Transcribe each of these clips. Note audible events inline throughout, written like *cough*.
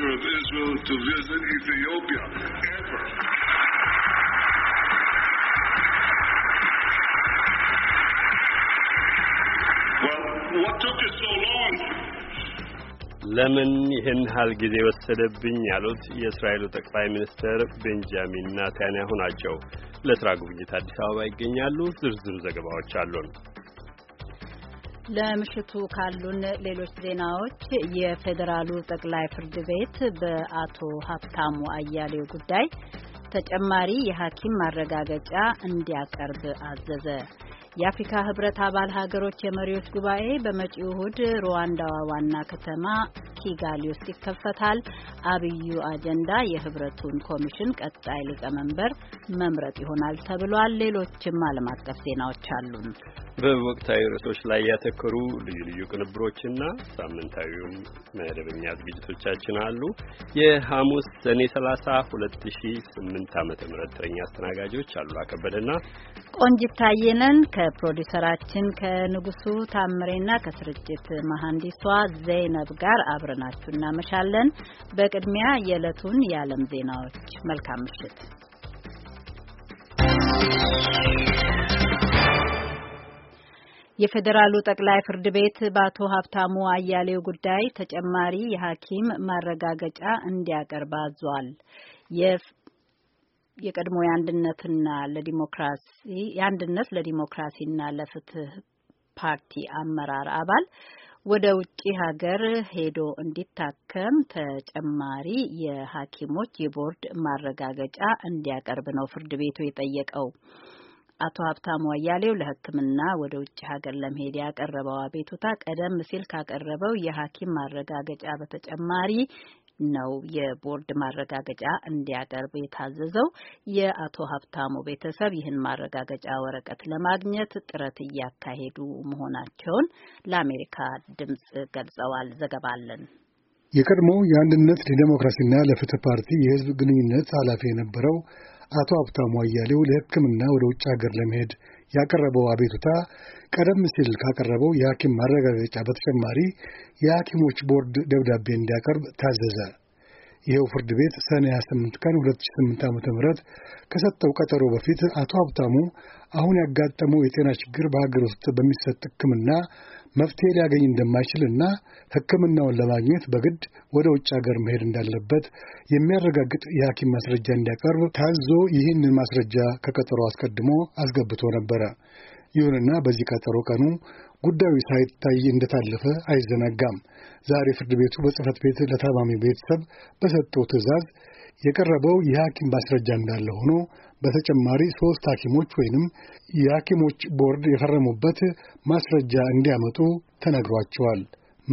Ambassador of Israel to visit Ethiopia ever. Well, what took you so long? ለምን ይህን ያህል ጊዜ ወሰደብኝ ያሉት የእስራኤሉ ጠቅላይ ሚኒስትር ቤንጃሚን ናታንያሁ ናቸው። ለስራ ጉብኝት አዲስ አበባ ይገኛሉ። ዝርዝር ዘገባዎች አሉን። ለምሽቱ ካሉን ሌሎች ዜናዎች የፌዴራሉ ጠቅላይ ፍርድ ቤት በአቶ ሀብታሙ አያሌው ጉዳይ ተጨማሪ የሐኪም ማረጋገጫ እንዲያቀርብ አዘዘ። የአፍሪካ ህብረት አባል ሀገሮች የመሪዎች ጉባኤ በመጪው እሁድ ሩዋንዳዋ ዋና ከተማ ኪጋሊ ውስጥ ይከፈታል። አብዩ አጀንዳ የህብረቱን ኮሚሽን ቀጣይ ሊቀመንበር መምረጥ ይሆናል ተብሏል። ሌሎችም ዓለም አቀፍ ዜናዎች አሉን። በወቅታዊ ርዕሶች ላይ ያተኮሩ ልዩ ልዩ ቅንብሮችና ሳምንታዊውም መደበኛ ዝግጅቶቻችን አሉ። የሐሙስ ሰኔ 30 2008 ዓ.ም ተረኛ አስተናጋጆች አሉላ ከበደና ቆንጂት ታየ ከፕሮዲሰራችን ከፕሮዲውሰራችን ከንጉሱ ታምሬና ከስርጭት መሐንዲሷ ዘይነብ ጋር አብረናችሁ እናመሻለን። በቅድሚያ የዕለቱን የዓለም ዜናዎች። መልካም ምሽት። የፌዴራሉ ጠቅላይ ፍርድ ቤት በአቶ ሀብታሙ አያሌው ጉዳይ ተጨማሪ የሐኪም ማረጋገጫ እንዲያቀርብ አዟል። የቀድሞ የአንድነትና ለዲሞክራሲ የአንድነት ለዲሞክራሲና ለፍትህ ፓርቲ አመራር አባል ወደ ውጭ ሀገር ሄዶ እንዲታከም ተጨማሪ የሐኪሞች የቦርድ ማረጋገጫ እንዲያቀርብ ነው ፍርድ ቤቱ የጠየቀው። አቶ ሀብታሙ አያሌው ለሕክምና ወደ ውጭ ሀገር ለመሄድ ያቀረበው አቤቱታ ቀደም ሲል ካቀረበው የሐኪም ማረጋገጫ በተጨማሪ ነው የቦርድ ማረጋገጫ እንዲያቀርብ የታዘዘው። የአቶ ሀብታሙ ቤተሰብ ይህን ማረጋገጫ ወረቀት ለማግኘት ጥረት እያካሄዱ መሆናቸውን ለአሜሪካ ድምጽ ገልጸዋል። ዘገባ አለን። የቀድሞ የአንድነት ለዲሞክራሲና ለፍትህ ፓርቲ የህዝብ ግንኙነት ኃላፊ የነበረው አቶ ሀብታሙ አያሌው ለሕክምና ወደ ውጭ ሀገር ለመሄድ ያቀረበው አቤቱታ ቀደም ሲል ካቀረበው የሐኪም ማረጋገጫ በተጨማሪ የሐኪሞች ቦርድ ደብዳቤ እንዲያቀርብ ታዘዘ። ይኸው ፍርድ ቤት ሰኔ 28 ቀን 2008 ዓ ም ከሰጠው ቀጠሮ በፊት አቶ ሀብታሙ አሁን ያጋጠመው የጤና ችግር በሀገር ውስጥ በሚሰጥ ሕክምና መፍትሄ ሊያገኝ እንደማይችልና ሕክምናውን ለማግኘት በግድ ወደ ውጭ ሀገር መሄድ እንዳለበት የሚያረጋግጥ የሐኪም ማስረጃ እንዲያቀርብ ታዞ ይህንን ማስረጃ ከቀጠሮ አስቀድሞ አስገብቶ ነበረ። ይሁንና በዚህ ቀጠሮ ቀኑ ጉዳዩ ሳይታይ እንደታለፈ አይዘነጋም። ዛሬ ፍርድ ቤቱ በጽህፈት ቤት ለታማሚ ቤተሰብ በሰጠው ትዕዛዝ የቀረበው የሐኪም ማስረጃ እንዳለ ሆኖ በተጨማሪ ሶስት ሐኪሞች ወይንም የሐኪሞች ቦርድ የፈረሙበት ማስረጃ እንዲያመጡ ተነግሯቸዋል።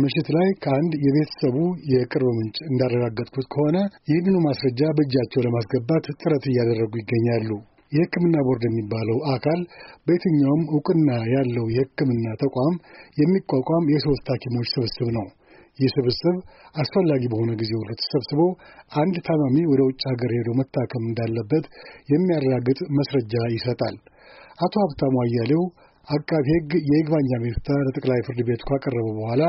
ምሽት ላይ ከአንድ የቤተሰቡ የቅርብ ምንጭ እንዳረጋገጥኩት ከሆነ ይህንኑ ማስረጃ በእጃቸው ለማስገባት ጥረት እያደረጉ ይገኛሉ። የሕክምና ቦርድ የሚባለው አካል በየትኛውም እውቅና ያለው የሕክምና ተቋም የሚቋቋም የሶስት ሐኪሞች ስብስብ ነው። ይህ ስብስብ አስፈላጊ በሆነ ጊዜ ሁሉ ተሰብስቦ አንድ ታማሚ ወደ ውጭ ሀገር ሄዶ መታከም እንዳለበት የሚያረጋግጥ መስረጃ ይሰጣል። አቶ ሀብታሙ አያሌው አቃቢ ሕግ የይግባኝ አቤቱታ ለጠቅላይ ፍርድ ቤቱ ካቀረበ በኋላ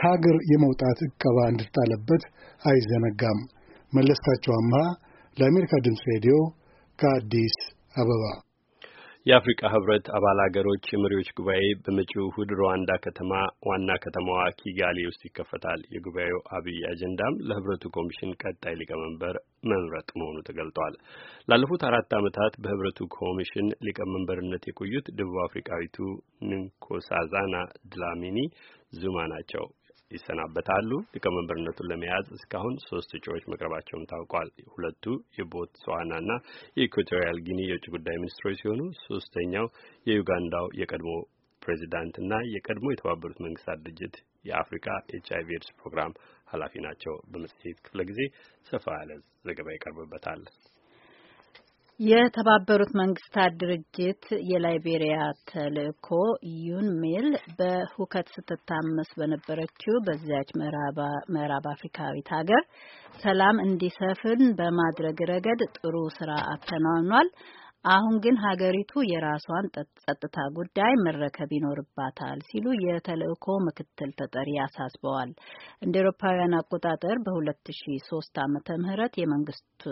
ከሀገር የመውጣት እቀባ እንድትጣለበት አይዘነጋም። መለስካቸው አምሃ ለአሜሪካ ድምፅ ሬዲዮ ከአዲስ አበባ የአፍሪቃ ህብረት አባል አገሮች የመሪዎች ጉባኤ በመጪው እሁድ ሩዋንዳ ከተማ ዋና ከተማዋ ኪጋሊ ውስጥ ይከፈታል። የጉባኤው አብይ አጀንዳም ለህብረቱ ኮሚሽን ቀጣይ ሊቀመንበር መምረጥ መሆኑ ተገልጧል። ላለፉት አራት ዓመታት በህብረቱ ኮሚሽን ሊቀመንበርነት የቆዩት ደቡብ አፍሪካዊቱ ንንኮሳዛና ድላሚኒ ዙማ ናቸው። ይሰናበታሉ። ሊቀመንበርነቱን ለመያዝ እስካሁን ሶስት እጩዎች መቅረባቸውም ታውቋል። ሁለቱ የቦትስዋናና የኢኳቶሪያል ጊኒ የውጭ ጉዳይ ሚኒስትሮች ሲሆኑ ሶስተኛው የዩጋንዳው የቀድሞ ፕሬዚዳንትና የቀድሞ የተባበሩት መንግስታት ድርጅት የአፍሪካ ኤች አይቪ ኤድስ ፕሮግራም ኃላፊ ናቸው። በመጽሔት ክፍለ ጊዜ ሰፋ ያለ ዘገባ ይቀርብበታል። የተባበሩት መንግስታት ድርጅት የላይቤሪያ ተልእኮ ሜል በሁከት ስትታመስ በነበረችው በዚያች ምዕራብ አፍሪካዊት ሀገር ሰላም እንዲሰፍን በማድረግ ረገድ ጥሩ ስራ አከናውኗል። አሁን ግን ሀገሪቱ የራሷን ጸጥታ ጉዳይ መረከብ ይኖርባታል ሲሉ የተልእኮ ምክትል ተጠሪ አሳስበዋል። እንደ ኤሮፓውያን አቆጣጠር በ2003 ዓመተ ምህረት የመንግስት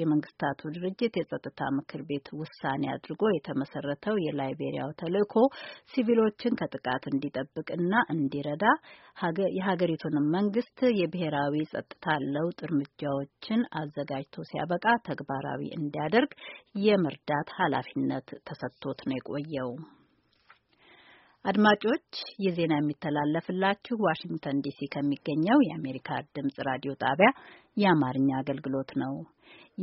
የመንግስታቱ ድርጅት የጸጥታ ምክር ቤት ውሳኔ አድርጎ የተመሰረተው የላይቤሪያው ተልእኮ ሲቪሎችን ከጥቃት እንዲጠብቅና እንዲረዳ የሀገሪቱንም መንግስት የብሔራዊ ጸጥታ ለውጥ እርምጃዎችን አዘጋጅቶ ሲያበቃ ተግባራዊ እንዲያደርግ የመርዳት ኃላፊነት ተሰጥቶት ነው የቆየው። አድማጮች ይህ ዜና የሚተላለፍላችሁ ዋሽንግተን ዲሲ ከሚገኘው የአሜሪካ ድምጽ ራዲዮ ጣቢያ የአማርኛ አገልግሎት ነው።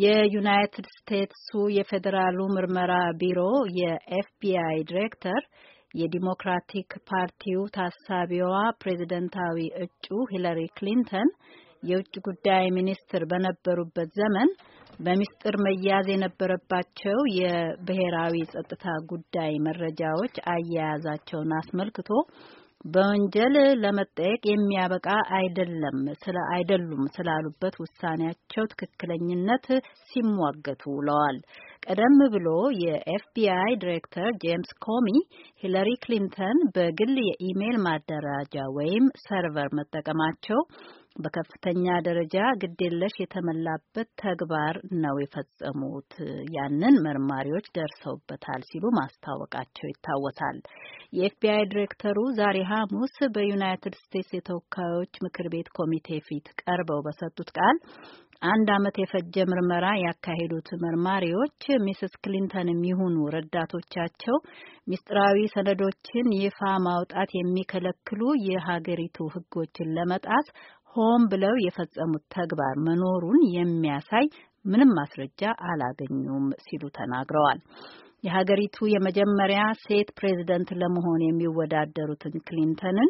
የዩናይትድ ስቴትሱ የፌዴራሉ ምርመራ ቢሮ የኤፍቢአይ ዲሬክተር የዲሞክራቲክ ፓርቲው ታሳቢዋ ፕሬዝደንታዊ እጩ ሂለሪ ክሊንተን የውጭ ጉዳይ ሚኒስትር በነበሩበት ዘመን በሚስጥር መያዝ የነበረባቸው የብሔራዊ ጸጥታ ጉዳይ መረጃዎች አያያዛቸውን አስመልክቶ በወንጀል ለመጠየቅ የሚያበቃ አይደለም ስለ አይደሉም ስላሉበት ውሳኔያቸው ትክክለኝነት ሲሟገቱ ውለዋል። ቀደም ብሎ የኤፍቢአይ ዲሬክተር ጄምስ ኮሚ ሂለሪ ክሊንተን በግል የኢሜል ማደራጃ ወይም ሰርቨር መጠቀማቸው በከፍተኛ ደረጃ ግዴለሽ የተመላበት ተግባር ነው የፈጸሙት፣ ያንን መርማሪዎች ደርሰውበታል ሲሉ ማስታወቃቸው ይታወሳል። የኤፍቢአይ ዲሬክተሩ ዛሬ ሐሙስ በዩናይትድ ስቴትስ የተወካዮች ምክር ቤት ኮሚቴ ፊት ቀርበው በሰጡት ቃል አንድ ዓመት የፈጀ ምርመራ ያካሄዱት መርማሪዎች ሚስስ ክሊንተን የሚሆኑ ረዳቶቻቸው ሚስጥራዊ ሰነዶችን ይፋ ማውጣት የሚከለክሉ የሀገሪቱ ሕጎችን ለመጣስ ሆን ብለው የፈጸሙት ተግባር መኖሩን የሚያሳይ ምንም ማስረጃ አላገኙም ሲሉ ተናግረዋል። የሀገሪቱ የመጀመሪያ ሴት ፕሬዝደንት ለመሆን የሚወዳደሩትን ክሊንተንን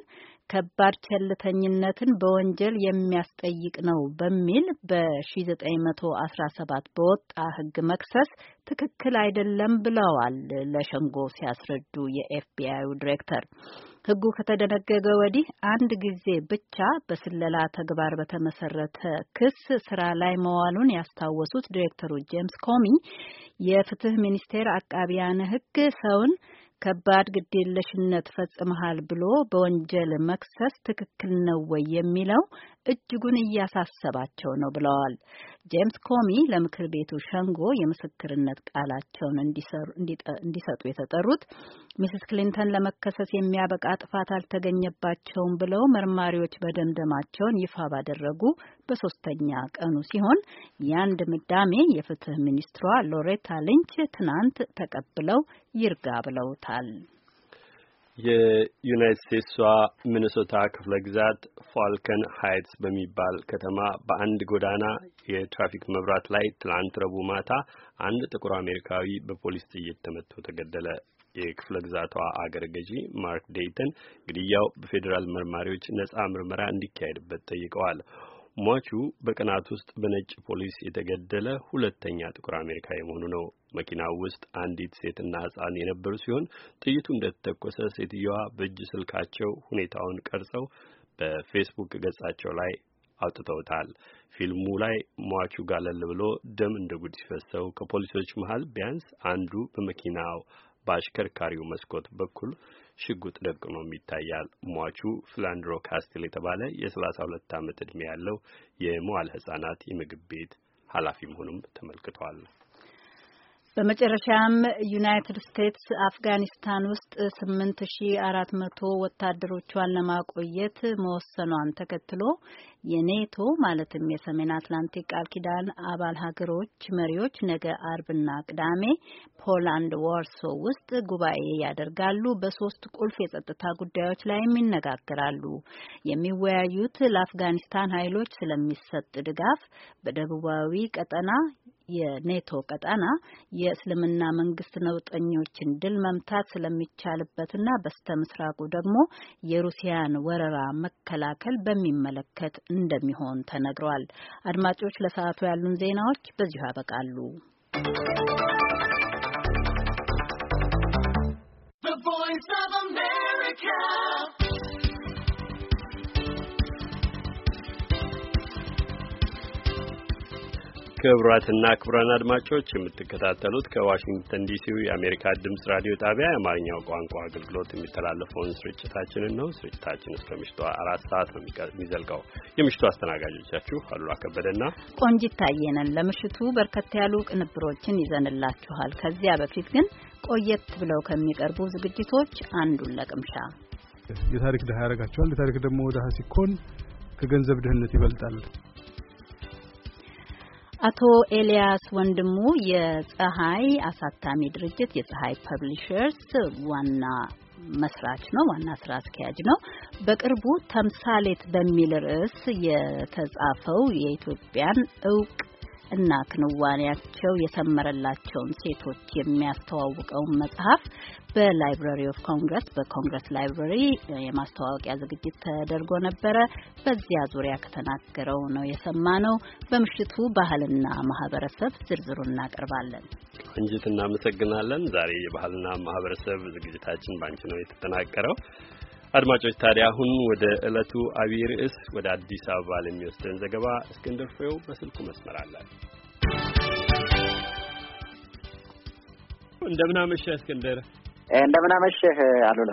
ከባድ ቸልተኝነትን በወንጀል የሚያስጠይቅ ነው በሚል በ1917 በወጣ ሕግ መክሰስ ትክክል አይደለም ብለዋል። ለሸንጎ ሲያስረዱ የኤፍቢአዩ ዲሬክተር ህጉ ከተደነገገ ወዲህ አንድ ጊዜ ብቻ በስለላ ተግባር በተመሰረተ ክስ ስራ ላይ መዋሉን ያስታወሱት ዲሬክተሩ ጄምስ ኮሚ የፍትህ ሚኒስቴር አቃቢያነ ህግ ሰውን ከባድ ግዴለሽነት ፈጽመሃል ብሎ በወንጀል መክሰስ ትክክል ነው ወይ የሚለው እጅጉን እያሳሰባቸው ነው ብለዋል። ጄምስ ኮሚ ለምክር ቤቱ ሸንጎ የምስክርነት ቃላቸውን እንዲሰጡ የተጠሩት ሚስስ ክሊንተን ለመከሰስ የሚያበቃ ጥፋት አልተገኘባቸውም ብለው መርማሪዎች በደምደማቸውን ይፋ ባደረጉ በሶስተኛ ቀኑ ሲሆን ያን ድምዳሜ የፍትህ ሚኒስትሯ ሎሬታ ሊንች ትናንት ተቀብለው ይርጋ ብለውታል። የዩናይት ስቴትሷ ሚኒሶታ ክፍለ ግዛት ፋልከን ሃይትስ በሚባል ከተማ በአንድ ጎዳና የትራፊክ መብራት ላይ ትላንት ረቡዕ ማታ አንድ ጥቁር አሜሪካዊ በፖሊስ ጥይት ተመቶ ተገደለ። የክፍለ ግዛቷ አገር ገዢ ማርክ ዴይተን ግድያው በፌዴራል መርማሪዎች ነጻ ምርመራ እንዲካሄድበት ጠይቀዋል። ሟቹ በቀናት ውስጥ በነጭ ፖሊስ የተገደለ ሁለተኛ ጥቁር አሜሪካዊ መሆኑ ነው። መኪናው ውስጥ አንዲት ሴትና ሕፃን የነበሩ ሲሆን ጥይቱ እንደተተኮሰ ሴትየዋ በእጅ ስልካቸው ሁኔታውን ቀርጸው በፌስቡክ ገጻቸው ላይ አውጥተውታል። ፊልሙ ላይ ሟቹ ጋለል ብሎ ደም እንደ ጉድ ሲፈሰው ከፖሊሶች መሀል ቢያንስ አንዱ በመኪናው በአሽከርካሪው መስኮት በኩል ሽጉጥ ደቅኖም ይታያል። ሟቹ ፍላንድሮ ካስቴል የተባለ የ ሁለት ዓመት ዕድሜ ያለው የመዋል ሕጻናት የምግብ ቤት ኃላፊ መሆኑም ተመልክቷል። በመጨረሻም ዩናይትድ ስቴትስ አፍጋኒስታን ውስጥ ስምንት ሺ አራት መቶ ወታደሮቿን ለማቆየት መወሰኗን ተከትሎ የኔቶ ማለትም የሰሜን አትላንቲክ ቃል ኪዳን አባል ሀገሮች መሪዎች ነገ አርብና ቅዳሜ ፖላንድ ዋርሶ ውስጥ ጉባኤ ያደርጋሉ። በሶስት ቁልፍ የጸጥታ ጉዳዮች ላይም ይነጋገራሉ። የሚወያዩት ለአፍጋኒስታን ኃይሎች ስለሚሰጥ ድጋፍ፣ በደቡባዊ ቀጠና የኔቶ ቀጠና የእስልምና መንግስት ነውጠኞችን ድል መምታት ስለሚቻልበትና በስተ ምስራቁ ደግሞ የሩሲያን ወረራ መከላከል በሚመለከት እንደሚሆን ተነግሯል። አድማጮች ለሰዓቱ ያሉን ዜናዎች በዚሁ ያበቃሉ። ክቡራትና ክቡራን አድማጮች የምትከታተሉት ከዋሽንግተን ዲሲው የአሜሪካ ድምፅ ራዲዮ ጣቢያ የአማርኛው ቋንቋ አገልግሎት የሚተላለፈውን ስርጭታችንን ነው። ስርጭታችን እስከ ምሽቱ አራት ሰዓት ነው የሚዘልቀው። የምሽቱ አስተናጋጆቻችሁ አሉላ ከበደና ቆንጂት ታየ ለምሽቱ በርከት ያሉ ቅንብሮችን ይዘንላችኋል። ከዚያ በፊት ግን ቆየት ብለው ከሚቀርቡ ዝግጅቶች አንዱን ለቅምሻ የታሪክ ድሀ ያደርጋቸዋል። የታሪክ ደግሞ ድሀ ሲኮን ከገንዘብ ድህነት ይበልጣል። አቶ ኤልያስ ወንድሙ የፀሐይ አሳታሚ ድርጅት የፀሐይ ፐብሊሸርስ ዋና መስራች ነው። ዋና ስራ አስኪያጅ ነው። በቅርቡ ተምሳሌት በሚል ርዕስ የተጻፈው የኢትዮጵያን እውቅ እና ክንዋኔያቸው የሰመረላቸውን ሴቶች የሚያስተዋውቀውን መጽሐፍ በላይብራሪ ኦፍ ኮንግረስ በኮንግረስ ላይብራሪ የማስተዋወቂያ ዝግጅት ተደርጎ ነበረ። በዚያ ዙሪያ ከተናገረው ነው ነው። በምሽቱ ባህልና ማህበረሰብ ዝርዝሩ እናቀርባለን። እንጅት እናመሰግናለን። ዛሬ የባህልና ማህበረሰብ ዝግጅታችን ባንቺ ነው የተጠናቀረው። አድማጮች ታዲያ አሁን ወደ ዕለቱ አብይ ርዕስ ወደ አዲስ አበባ ለሚወስደን ዘገባ እስክንድር ፍሬው በስልኩ መስመር አለን። እንደምናመሸህ እስክንድር። እንደምናመሸህ አሉላ።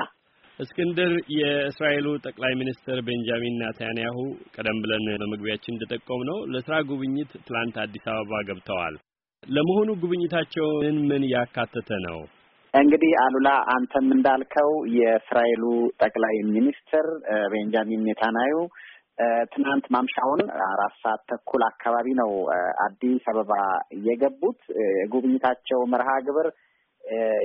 እስክንድር የእስራኤሉ ጠቅላይ ሚኒስትር ቤንጃሚን ናታንያሁ ቀደም ብለን በመግቢያችን እንደጠቆም ነው ለስራ ጉብኝት ትላንት አዲስ አበባ ገብተዋል። ለመሆኑ ጉብኝታቸው ምን ምን ያካተተ ነው? እንግዲህ አሉላ አንተም እንዳልከው የእስራኤሉ ጠቅላይ ሚኒስትር ቤንጃሚን ኔታናዩ ትናንት ማምሻውን አራት ሰዓት ተኩል አካባቢ ነው አዲስ አበባ የገቡት። የጉብኝታቸው መርሃ ግብር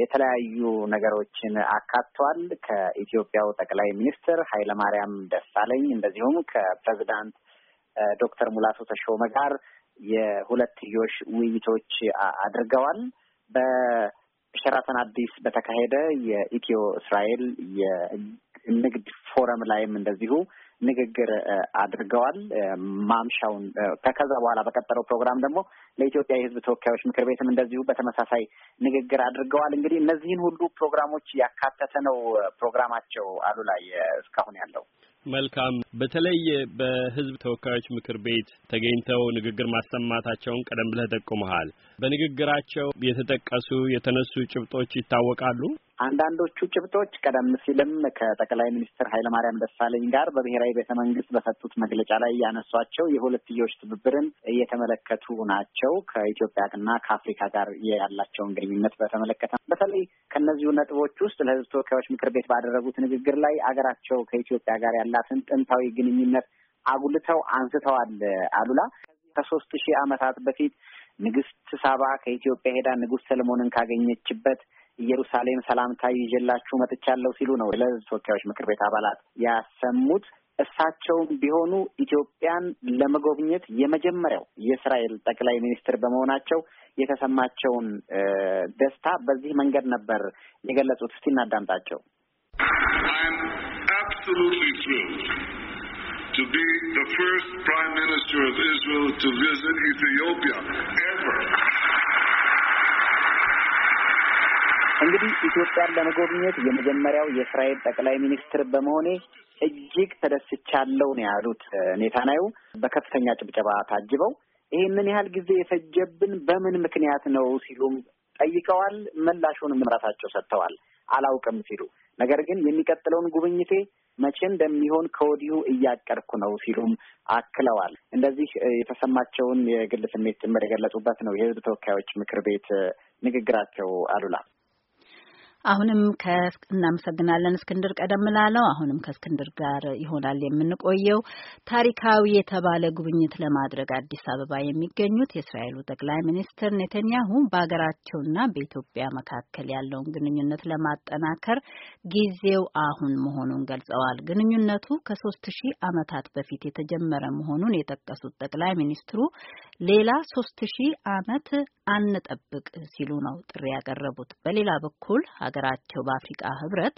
የተለያዩ ነገሮችን አካቷል። ከኢትዮጵያው ጠቅላይ ሚኒስትር ኃይለማርያም ደሳለኝ እንደዚሁም ከፕሬዚዳንት ዶክተር ሙላቱ ተሾመ ጋር የሁለትዮሽ ውይይቶች አድርገዋል። ሸራተን አዲስ በተካሄደ የኢትዮ እስራኤል የንግድ ፎረም ላይም እንደዚሁ ንግግር አድርገዋል። ማምሻውን ከከዛ በኋላ በቀጠለው ፕሮግራም ደግሞ ለኢትዮጵያ የሕዝብ ተወካዮች ምክር ቤትም እንደዚሁ በተመሳሳይ ንግግር አድርገዋል። እንግዲህ እነዚህን ሁሉ ፕሮግራሞች ያካተተ ነው ፕሮግራማቸው። ላይ እስካሁን ያለው መልካም። በተለይ በሕዝብ ተወካዮች ምክር ቤት ተገኝተው ንግግር ማሰማታቸውን ቀደም ብለህ ጠቁመሃል። በንግግራቸው የተጠቀሱ የተነሱ ጭብጦች ይታወቃሉ። አንዳንዶቹ ጭብጦች ቀደም ሲልም ከጠቅላይ ሚኒስትር ኃይለማርያም ደሳለኝ ጋር በብሔራዊ ቤተ መንግስት በሰጡት መግለጫ ላይ ያነሷቸው የሁለትዮሽ ትብብርን እየተመለከቱ ናቸው። ከኢትዮጵያና ከአፍሪካ ጋር ያላቸውን ግንኙነት በተመለከተ በተለይ ከእነዚሁ ነጥቦች ውስጥ ለሕዝብ ተወካዮች ምክር ቤት ባደረጉት ንግግር ላይ አገራቸው ከኢትዮጵያ ጋር ያላትን ጥንታዊ ግንኙነት አጉልተው አንስተዋል። አሉላ ከሶስት ሺህ ዓመታት በፊት ንግስት ሳባ ከኢትዮጵያ ሄዳ ንጉስ ሰለሞንን ካገኘችበት ኢየሩሳሌም ሰላምታ ይዤላችሁ መጥቻለሁ ሲሉ ነው ለህዝብ ተወካዮች ምክር ቤት አባላት ያሰሙት። እሳቸውም ቢሆኑ ኢትዮጵያን ለመጎብኘት የመጀመሪያው የእስራኤል ጠቅላይ ሚኒስትር በመሆናቸው የተሰማቸውን ደስታ በዚህ መንገድ ነበር የገለጹት። እስቲ እናዳምጣቸው። to be the first prime minister of Israel to visit Ethiopia ever. እንግዲህ ኢትዮጵያን ለመጎብኘት የመጀመሪያው የእስራኤል ጠቅላይ ሚኒስትር በመሆኔ እጅግ ተደስቻለሁ ነው ያሉት ኔታናዩ በከፍተኛ ጭብጨባ ታጅበው። ምን ያህል ጊዜ የፈጀብን በምን ምክንያት ነው ሲሉም ጠይቀዋል። ምላሹንም ራሳቸው ሰጥተዋል አላውቅም ሲሉ ነገር ግን የሚቀጥለውን ጉብኝቴ መቼ እንደሚሆን ከወዲሁ እያቀድኩ ነው ሲሉም አክለዋል። እንደዚህ የተሰማቸውን የግል ስሜት ጭምር የገለጹበት ነው የህዝብ ተወካዮች ምክር ቤት ንግግራቸው። አሉላ አሁንም እናመሰግናለን እስክንድር። ቀደም ላለው አሁንም ከእስክንድር ጋር ይሆናል የምንቆየው። ታሪካዊ የተባለ ጉብኝት ለማድረግ አዲስ አበባ የሚገኙት የእስራኤሉ ጠቅላይ ሚኒስትር ኔተንያሁ በሀገራቸውና በኢትዮጵያ መካከል ያለውን ግንኙነት ለማጠናከር ጊዜው አሁን መሆኑን ገልጸዋል። ግንኙነቱ ከሶስት ሺህ ዓመታት በፊት የተጀመረ መሆኑን የጠቀሱት ጠቅላይ ሚኒስትሩ ሌላ ሶስት ሺህ ዓመት አንጠብቅ ሲሉ ነው ጥሪ ያቀረቡት። በሌላ በኩል ሀገራቸው በአፍሪቃ ህብረት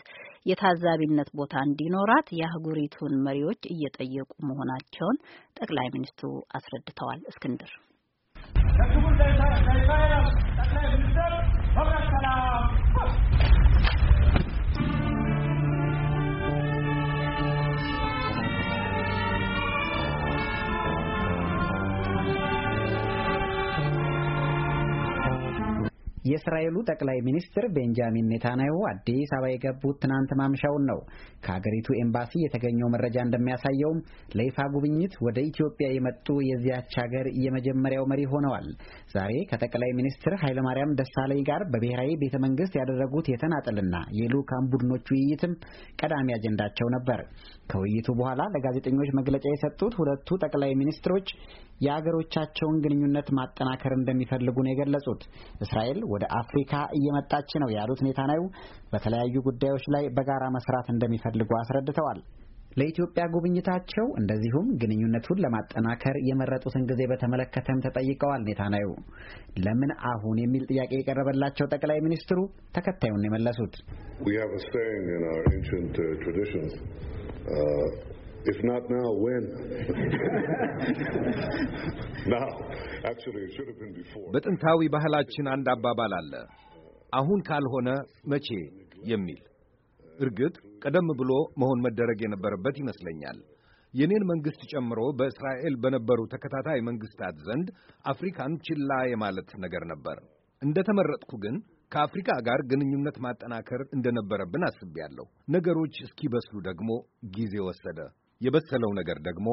የታዛቢነት ቦታ እንዲኖራት የአህጉሪቱን መሪዎች እየጠየቁ መሆናቸውን ጠቅላይ ሚኒስትሩ አስረድተዋል። እስክንድር የእስራኤሉ ጠቅላይ ሚኒስትር ቤንጃሚን ኔታንያሁ አዲስ አበባ የገቡት ትናንት ማምሻውን ነው። ከሀገሪቱ ኤምባሲ የተገኘው መረጃ እንደሚያሳየውም ለይፋ ጉብኝት ወደ ኢትዮጵያ የመጡ የዚያች ሀገር የመጀመሪያው መሪ ሆነዋል። ዛሬ ከጠቅላይ ሚኒስትር ኃይለማርያም ደሳለኝ ጋር በብሔራዊ ቤተ መንግስት ያደረጉት የተናጠልና የልዑካን ቡድኖች ውይይትም ቀዳሚ አጀንዳቸው ነበር። ከውይይቱ በኋላ ለጋዜጠኞች መግለጫ የሰጡት ሁለቱ ጠቅላይ ሚኒስትሮች የአገሮቻቸውን ግንኙነት ማጠናከር እንደሚፈልጉ ነው የገለጹት። እስራኤል ወደ አፍሪካ እየመጣች ነው ያሉት ኔታንያሁ በተለያዩ ጉዳዮች ላይ በጋራ መስራት እንደሚፈልጉ አስረድተዋል። ለኢትዮጵያ ጉብኝታቸው እንደዚሁም ግንኙነቱን ለማጠናከር የመረጡትን ጊዜ በተመለከተም ተጠይቀዋል። ኔታንያሁ ለምን አሁን የሚል ጥያቄ የቀረበላቸው ጠቅላይ ሚኒስትሩ ተከታዩን የመለሱት If not now, when? *laughs* now, actually, it should have been before. በጥንታዊ ባህላችን አንድ አባባል አለ፣ አሁን ካልሆነ መቼ የሚል። እርግጥ ቀደም ብሎ መሆን መደረግ የነበረበት ይመስለኛል። የኔን መንግስት ጨምሮ በእስራኤል በነበሩ ተከታታይ መንግስታት ዘንድ አፍሪካን ችላ የማለት ነገር ነበር። እንደተመረጥኩ ግን ከአፍሪካ ጋር ግንኙነት ማጠናከር እንደነበረብን አስቤያለሁ። ነገሮች እስኪበስሉ ደግሞ ጊዜ ወሰደ። የበሰለው ነገር ደግሞ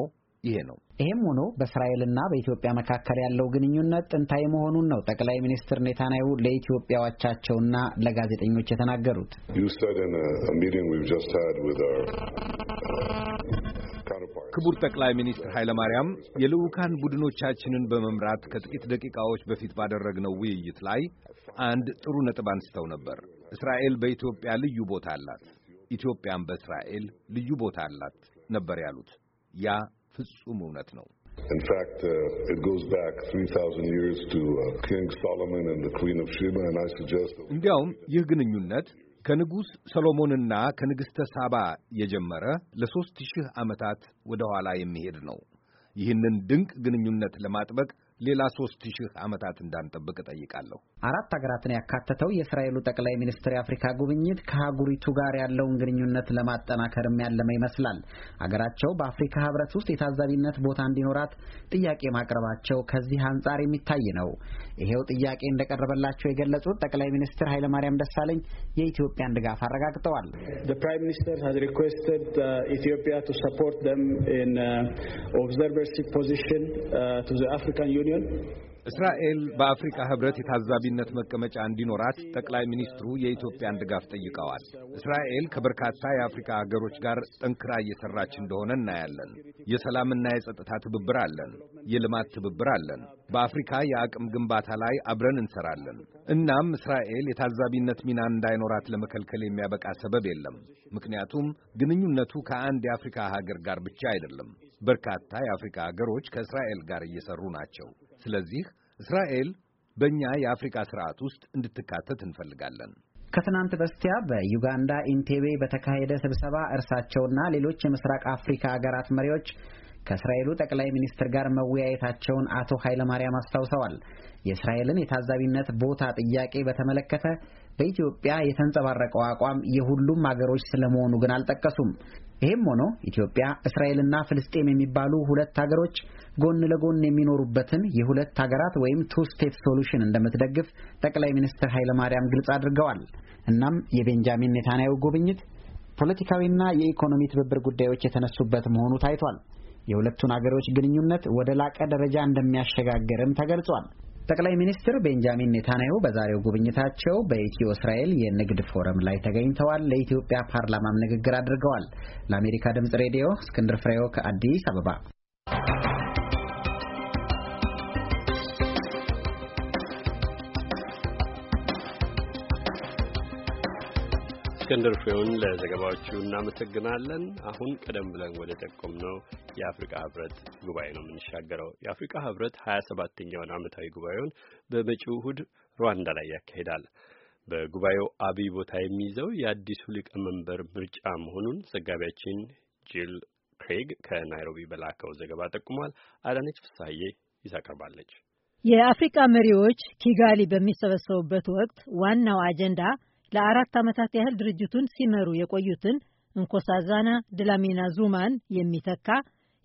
ይሄ ነው። ይህም ሆኖ በእስራኤልና በኢትዮጵያ መካከል ያለው ግንኙነት ጥንታዊ መሆኑን ነው ጠቅላይ ሚኒስትር ኔታንያሁ ለኢትዮጵያዎቻቸውና ለጋዜጠኞች የተናገሩት። ክቡር ጠቅላይ ሚኒስትር ኃይለማርያም የልዑካን ቡድኖቻችንን በመምራት ከጥቂት ደቂቃዎች በፊት ባደረግነው ውይይት ላይ አንድ ጥሩ ነጥብ አንስተው ነበር። እስራኤል በኢትዮጵያ ልዩ ቦታ አላት፣ ኢትዮጵያም በእስራኤል ልዩ ቦታ አላት ነበር ያሉት። ያ ፍጹም እውነት ነው። In fact, uh, it goes back 3,000 years to uh, King Solomon and the Queen of Sheba, and I suggest that... እንዲያውም ይህ ግንኙነት ከንጉሥ ሰሎሞንና ከንግሥተ ሳባ የጀመረ ለሦስት ሺህ ዓመታት ወደ ኋላ የሚሄድ ነው። ይህንን ድንቅ ግንኙነት ለማጥበቅ ሌላ ሶስት ሺህ ዓመታት እንዳንጠብቅ እጠይቃለሁ። አራት ሀገራትን ያካተተው የእስራኤሉ ጠቅላይ ሚኒስትር የአፍሪካ ጉብኝት ከአህጉሪቱ ጋር ያለውን ግንኙነት ለማጠናከርም ያለመ ይመስላል። አገራቸው በአፍሪካ ህብረት ውስጥ የታዛቢነት ቦታ እንዲኖራት ጥያቄ ማቅረባቸው ከዚህ አንጻር የሚታይ ነው። ይሄው ጥያቄ እንደቀረበላቸው የገለጹት ጠቅላይ ሚኒስትር ኃይለማርያም ደሳለኝ የኢትዮጵያን ድጋፍ አረጋግጠዋል። ኢትዮጵያ ሰፖርት ደም ኦብዘርቨርሺፕ ፖዚሽን ቱ ዘ አፍሪካን ዩኒየን ሲሆን እስራኤል በአፍሪካ ህብረት የታዛቢነት መቀመጫ እንዲኖራት ጠቅላይ ሚኒስትሩ የኢትዮጵያን ድጋፍ ጠይቀዋል። እስራኤል ከበርካታ የአፍሪካ ሀገሮች ጋር ጠንክራ እየሰራች እንደሆነ እናያለን። የሰላምና የጸጥታ ትብብር አለን። የልማት ትብብር አለን። በአፍሪካ የአቅም ግንባታ ላይ አብረን እንሰራለን። እናም እስራኤል የታዛቢነት ሚና እንዳይኖራት ለመከልከል የሚያበቃ ሰበብ የለም። ምክንያቱም ግንኙነቱ ከአንድ የአፍሪካ ሀገር ጋር ብቻ አይደለም። በርካታ የአፍሪካ ሀገሮች ከእስራኤል ጋር እየሰሩ ናቸው። ስለዚህ እስራኤል በእኛ የአፍሪካ ስርዓት ውስጥ እንድትካተት እንፈልጋለን። ከትናንት በስቲያ በዩጋንዳ ኢንቴቤ በተካሄደ ስብሰባ እርሳቸውና ሌሎች የምስራቅ አፍሪካ አገራት መሪዎች ከእስራኤሉ ጠቅላይ ሚኒስትር ጋር መወያየታቸውን አቶ ኃይለማርያም አስታውሰዋል። የእስራኤልን የታዛቢነት ቦታ ጥያቄ በተመለከተ በኢትዮጵያ የተንጸባረቀው አቋም የሁሉም አገሮች ስለመሆኑ ግን አልጠቀሱም። ይህም ሆኖ ኢትዮጵያ እስራኤልና ፍልስጤም የሚባሉ ሁለት ሀገሮች ጎን ለጎን የሚኖሩበትን የሁለት ሀገራት ወይም ቱ ስቴት ሶሉሽን እንደምትደግፍ ጠቅላይ ሚኒስትር ኃይለማርያም ግልጽ አድርገዋል። እናም የቤንጃሚን ኔታንያሁ ጉብኝት ፖለቲካዊና የኢኮኖሚ ትብብር ጉዳዮች የተነሱበት መሆኑ ታይቷል። የሁለቱን አገሮች ግንኙነት ወደ ላቀ ደረጃ እንደሚያሸጋግርም ተገልጿል። ጠቅላይ ሚኒስትር ቤንጃሚን ኔታንያሁ በዛሬው ጉብኝታቸው በኢትዮ እስራኤል የንግድ ፎረም ላይ ተገኝተዋል። ለኢትዮጵያ ፓርላማም ንግግር አድርገዋል። ለአሜሪካ ድምጽ ሬዲዮ እስክንድር ፍሬው ከአዲስ አበባ እስክንድር ፍሬውን ለዘገባዎቹ እናመሰግናለን። አሁን ቀደም ብለን ወደ ጠቆም ነው የአፍሪካ ህብረት ጉባኤ ነው የምንሻገረው። የአፍሪካ ህብረት ሀያ ሰባተኛውን ዓመታዊ ጉባኤውን በመጪው እሁድ ሩዋንዳ ላይ ያካሂዳል። በጉባኤው አብይ ቦታ የሚይዘው የአዲሱ ሊቀመንበር ምርጫ መሆኑን ዘጋቢያችን ጂል ክሬግ ከናይሮቢ በላከው ዘገባ ጠቁሟል። አዳነች ፍሳዬ ይዛቀርባለች። የአፍሪካ መሪዎች ኪጋሊ በሚሰበሰቡበት ወቅት ዋናው አጀንዳ ለአራት ዓመታት ያህል ድርጅቱን ሲመሩ የቆዩትን እንኮሳዛና ድላሚና ዙማን የሚተካ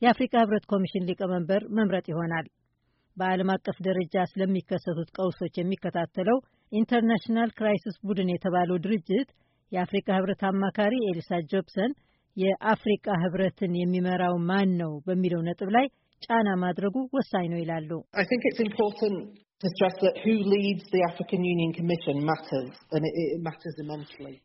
የአፍሪካ ህብረት ኮሚሽን ሊቀመንበር መምረጥ ይሆናል። በዓለም አቀፍ ደረጃ ስለሚከሰቱት ቀውሶች የሚከታተለው ኢንተርናሽናል ክራይሲስ ቡድን የተባለው ድርጅት የአፍሪካ ህብረት አማካሪ ኤሊሳ ጆብሰን የአፍሪካ ህብረትን የሚመራው ማን ነው በሚለው ነጥብ ላይ ጫና ማድረጉ ወሳኝ ነው ይላሉ።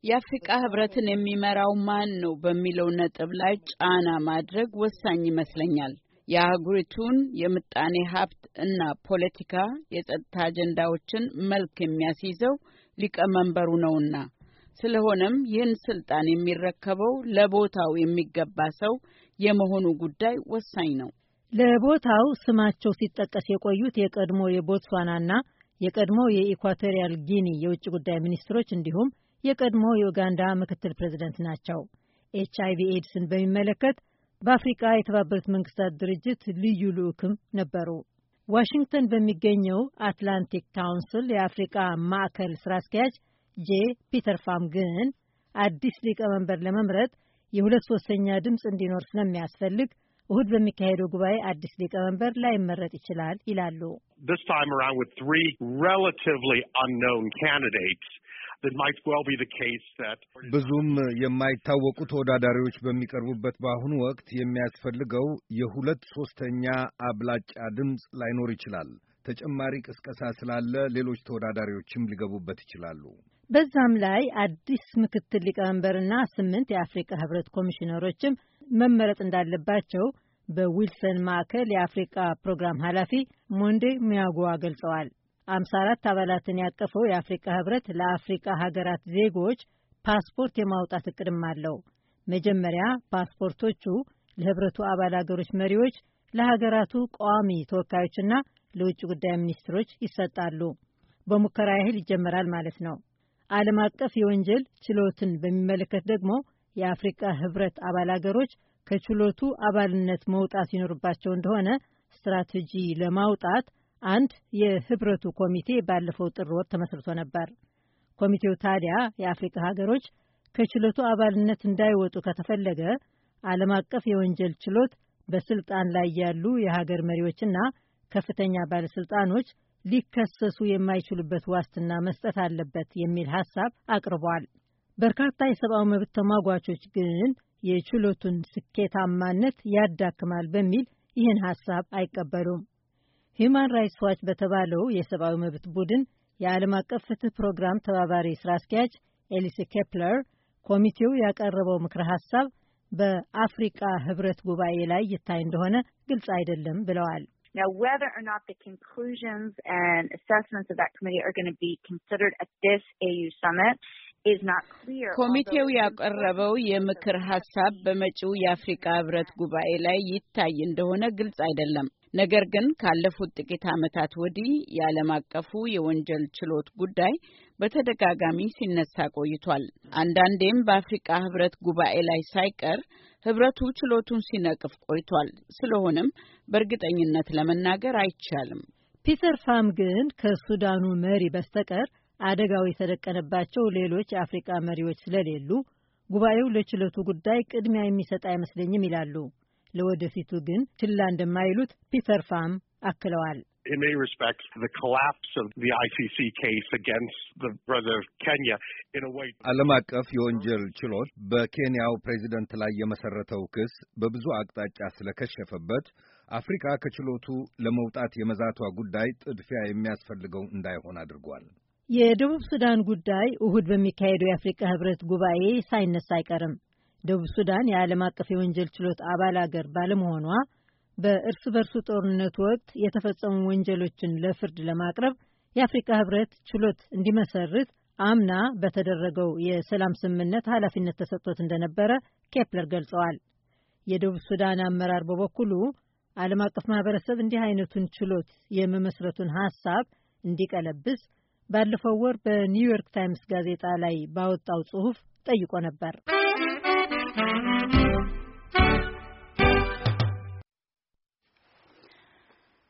የአፍሪቃ ህብረትን የሚመራው ማን ነው በሚለው ነጥብ ላይ ጫና ማድረግ ወሳኝ ይመስለኛል። የአህጉሪቱን የምጣኔ ሀብት እና ፖለቲካ የጸጥታ አጀንዳዎችን መልክ የሚያስይዘው ሊቀመንበሩ ነውና፣ ስለሆነም ይህን ስልጣን የሚረከበው ለቦታው የሚገባ ሰው የመሆኑ ጉዳይ ወሳኝ ነው። ለቦታው ስማቸው ሲጠቀስ የቆዩት የቀድሞ የቦትስዋናና የቀድሞ የኢኳቶሪያል ጊኒ የውጭ ጉዳይ ሚኒስትሮች እንዲሁም የቀድሞ የኡጋንዳ ምክትል ፕሬዚደንት ናቸው። ኤች አይቪ ኤድስን በሚመለከት በአፍሪቃ የተባበሩት መንግስታት ድርጅት ልዩ ልዑክም ነበሩ። ዋሽንግተን በሚገኘው አትላንቲክ ካውንስል የአፍሪቃ ማዕከል ስራ አስኪያጅ ጄ ፒተር ፋም ግን አዲስ ሊቀመንበር ለመምረጥ የሁለት ሶስተኛ ድምፅ እንዲኖር ስለሚያስፈልግ እሁድ በሚካሄደው ጉባኤ አዲስ ሊቀመንበር ላይመረጥ ይችላል ይላሉ። ብዙም የማይታወቁ ተወዳዳሪዎች በሚቀርቡበት በአሁኑ ወቅት የሚያስፈልገው የሁለት ሶስተኛ አብላጫ ድምፅ ላይኖር ይችላል። ተጨማሪ ቅስቀሳ ስላለ ሌሎች ተወዳዳሪዎችም ሊገቡበት ይችላሉ። በዛም ላይ አዲስ ምክትል ሊቀመንበርና ስምንት የአፍሪካ ህብረት ኮሚሽነሮችም መመረጥ እንዳለባቸው በዊልሰን ማዕከል የአፍሪቃ ፕሮግራም ኃላፊ ሞንዴ ሚያጉዋ ገልጸዋል። 54 አባላትን ያቀፈው የአፍሪቃ ህብረት ለአፍሪቃ ሀገራት ዜጎች ፓስፖርት የማውጣት እቅድም አለው። መጀመሪያ ፓስፖርቶቹ ለህብረቱ አባል ሀገሮች መሪዎች፣ ለሀገራቱ ቋሚ ተወካዮችና ለውጭ ጉዳይ ሚኒስትሮች ይሰጣሉ። በሙከራ ያህል ይጀመራል ማለት ነው። ዓለም አቀፍ የወንጀል ችሎትን በሚመለከት ደግሞ የአፍሪካ ህብረት አባል አገሮች ከችሎቱ አባልነት መውጣት ይኖርባቸው እንደሆነ ስትራቴጂ ለማውጣት አንድ የህብረቱ ኮሚቴ ባለፈው ጥር ወር ተመስርቶ ነበር። ኮሚቴው ታዲያ የአፍሪካ ሀገሮች ከችሎቱ አባልነት እንዳይወጡ ከተፈለገ ዓለም አቀፍ የወንጀል ችሎት በስልጣን ላይ ያሉ የሀገር መሪዎችና ከፍተኛ ባለስልጣኖች ሊከሰሱ የማይችሉበት ዋስትና መስጠት አለበት የሚል ሀሳብ አቅርቧል። በርካታ የሰብአዊ መብት ተሟጓቾች ግን የችሎቱን ስኬታማነት ያዳክማል በሚል ይህን ሀሳብ አይቀበሉም። ሂዩማን ራይትስ ዋች በተባለው የሰብአዊ መብት ቡድን የዓለም አቀፍ ፍትህ ፕሮግራም ተባባሪ ስራ አስኪያጅ ኤሊስ ኬፕለር ኮሚቴው ያቀረበው ምክረ ሀሳብ በአፍሪቃ ህብረት ጉባኤ ላይ ይታይ እንደሆነ ግልጽ አይደለም ብለዋል። ኮሚቴው ያቀረበው የምክር ሀሳብ በመጪው የአፍሪካ ህብረት ጉባኤ ላይ ይታይ እንደሆነ ግልጽ አይደለም። ነገር ግን ካለፉት ጥቂት ዓመታት ወዲህ የዓለም አቀፉ የወንጀል ችሎት ጉዳይ በተደጋጋሚ ሲነሳ ቆይቷል። አንዳንዴም በአፍሪቃ ህብረት ጉባኤ ላይ ሳይቀር ህብረቱ ችሎቱን ሲነቅፍ ቆይቷል። ስለሆነም በእርግጠኝነት ለመናገር አይቻልም። ፒተር ፋም ግን ከሱዳኑ መሪ በስተቀር አደጋው የተደቀነባቸው ሌሎች የአፍሪቃ መሪዎች ስለሌሉ ጉባኤው ለችሎቱ ጉዳይ ቅድሚያ የሚሰጥ አይመስለኝም ይላሉ። ለወደፊቱ ግን ችላ እንደማይሉት ፒተር ፋም አክለዋል። ዓለም አቀፍ የወንጀል ችሎት በኬንያው ፕሬዚደንት ላይ የመሰረተው ክስ በብዙ አቅጣጫ ስለከሸፈበት አፍሪካ ከችሎቱ ለመውጣት የመዛቷ ጉዳይ ጥድፊያ የሚያስፈልገው እንዳይሆን አድርጓል። የደቡብ ሱዳን ጉዳይ እሁድ በሚካሄደው የአፍሪካ ህብረት ጉባኤ ሳይነሳ አይቀርም። ደቡብ ሱዳን የዓለም አቀፍ የወንጀል ችሎት አባል አገር ባለመሆኗ በእርስ በርሱ ጦርነት ወቅት የተፈጸሙ ወንጀሎችን ለፍርድ ለማቅረብ የአፍሪካ ህብረት ችሎት እንዲመሰርት አምና በተደረገው የሰላም ስምምነት ኃላፊነት ተሰጥቶት እንደነበረ ኬፕለር ገልጸዋል። የደቡብ ሱዳን አመራር በበኩሉ ዓለም አቀፍ ማህበረሰብ እንዲህ አይነቱን ችሎት የመመስረቱን ሀሳብ እንዲቀለብስ ባለፈው ወር በኒውዮርክ ታይምስ ጋዜጣ ላይ ባወጣው ጽሑፍ ጠይቆ ነበር።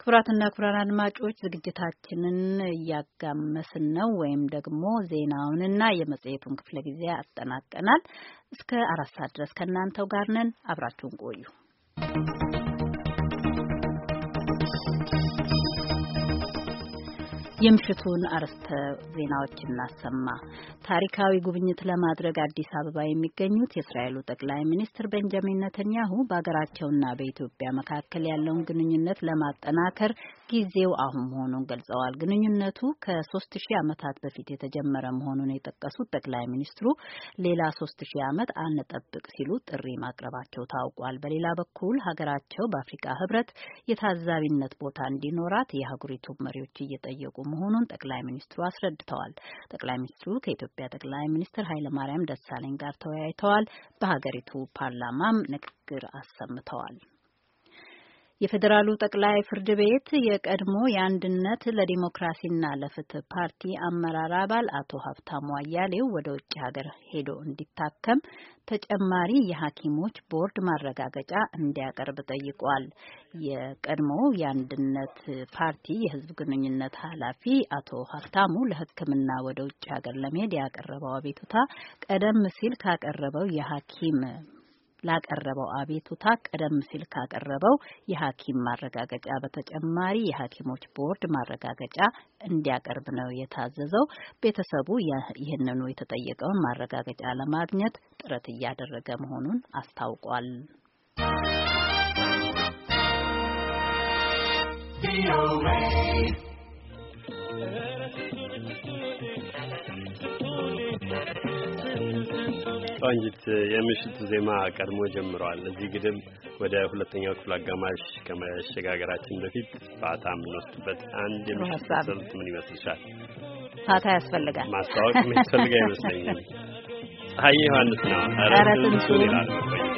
ክቡራትና ክቡራን አድማጮች ዝግጅታችንን እያጋመስን ነው፣ ወይም ደግሞ ዜናውንና የመጽሔቱን ክፍለ ጊዜ አጠናቀናል። እስከ አራት ሰዓት ድረስ ከእናንተው ጋር ነን። አብራችሁን ቆዩ። የምሽቱን አርዕስተ ዜናዎች እናሰማ። ታሪካዊ ጉብኝት ለማድረግ አዲስ አበባ የሚገኙት የእስራኤሉ ጠቅላይ ሚኒስትር ቤንጃሚን ነተንያሁ በሀገራቸውና በኢትዮጵያ መካከል ያለውን ግንኙነት ለማጠናከር ጊዜው አሁን መሆኑን ገልጸዋል። ግንኙነቱ ከሶስት ሺህ ዓመታት በፊት የተጀመረ መሆኑን የጠቀሱት ጠቅላይ ሚኒስትሩ ሌላ ሶስት ሺህ ዓመት አንጠብቅ ሲሉ ጥሪ ማቅረባቸው ታውቋል። በሌላ በኩል ሀገራቸው በአፍሪካ ህብረት የታዛቢነት ቦታ እንዲኖራት የሀገሪቱ መሪዎች እየጠየቁ መሆኑን ጠቅላይ ሚኒስትሩ አስረድተዋል። ጠቅላይ ሚኒስትሩ ከኢትዮጵያ ጠቅላይ ሚኒስትር ኃይለማርያም ደሳለኝ ጋር ተወያይተዋል። በሀገሪቱ ፓርላማም ንግግር አሰምተዋል። የፌዴራሉ ጠቅላይ ፍርድ ቤት የቀድሞ የአንድነት ለዲሞክራሲና ለፍትህ ፓርቲ አመራር አባል አቶ ሀብታሙ አያሌው ወደ ውጭ ሀገር ሄዶ እንዲታከም ተጨማሪ የሐኪሞች ቦርድ ማረጋገጫ እንዲያቀርብ ጠይቋል። የቀድሞ የአንድነት ፓርቲ የህዝብ ግንኙነት ኃላፊ አቶ ሀብታሙ ለሕክምና ወደ ውጭ ሀገር ለመሄድ ያቀረበው አቤቱታ ቀደም ሲል ካቀረበው የሐኪም ላቀረበው አቤቱታ ቀደም ሲል ካቀረበው የሐኪም ማረጋገጫ በተጨማሪ የሐኪሞች ቦርድ ማረጋገጫ እንዲያቀርብ ነው የታዘዘው። ቤተሰቡ ይህንኑ የተጠየቀውን ማረጋገጫ ለማግኘት ጥረት እያደረገ መሆኑን አስታውቋል። Be away. ቆንጅት የምሽት ዜማ ቀድሞ ጀምሯል። እዚህ ግድም ወደ ሁለተኛው ክፍል አጋማሽ ከመሸጋገራችን በፊት ፋታ የምንወስድበት አንድ የምሽት ምን ይመስልሻል? ፋታ ያስፈልጋል፣ ማስታወቅ የሚያስፈልግ አይመስለኝም። ፀሐዬ ዮሐንስ ነው ረትንሱን ይላል ቆንጅ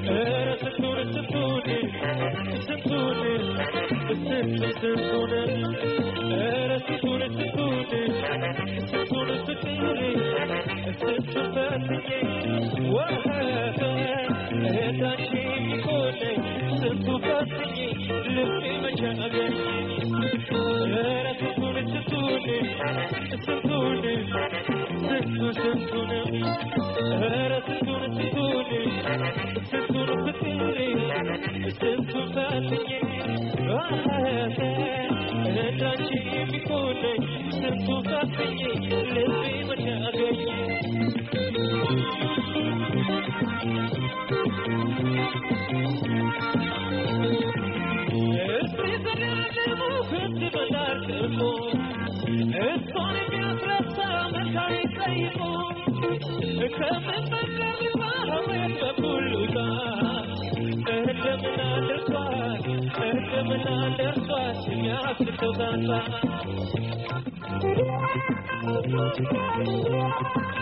ستون ستون ستون It's እንዳንቺ የሚሆነኝ ስንቱ ካፈኝ ልቤ መቼ አገኝ ከምን Kaan deertuun seenaa biqiltuu gaanfaa.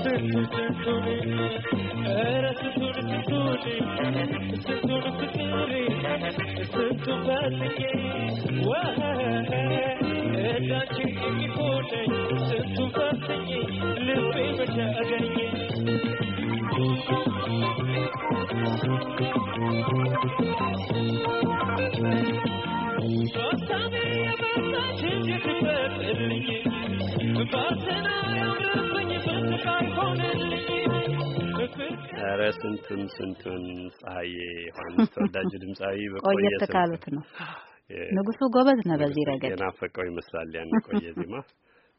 But ኧረ ስንቱን ስንቱን ፀሐዬ ዮሐንስ ተወዳጁ ድምፃዊ በቆየት ካሉት ነው። ንጉሱ ጎበዝ ነው በዚህ ረገድ የናፈቀው ይመስላል ያን ቆየ ዜማ።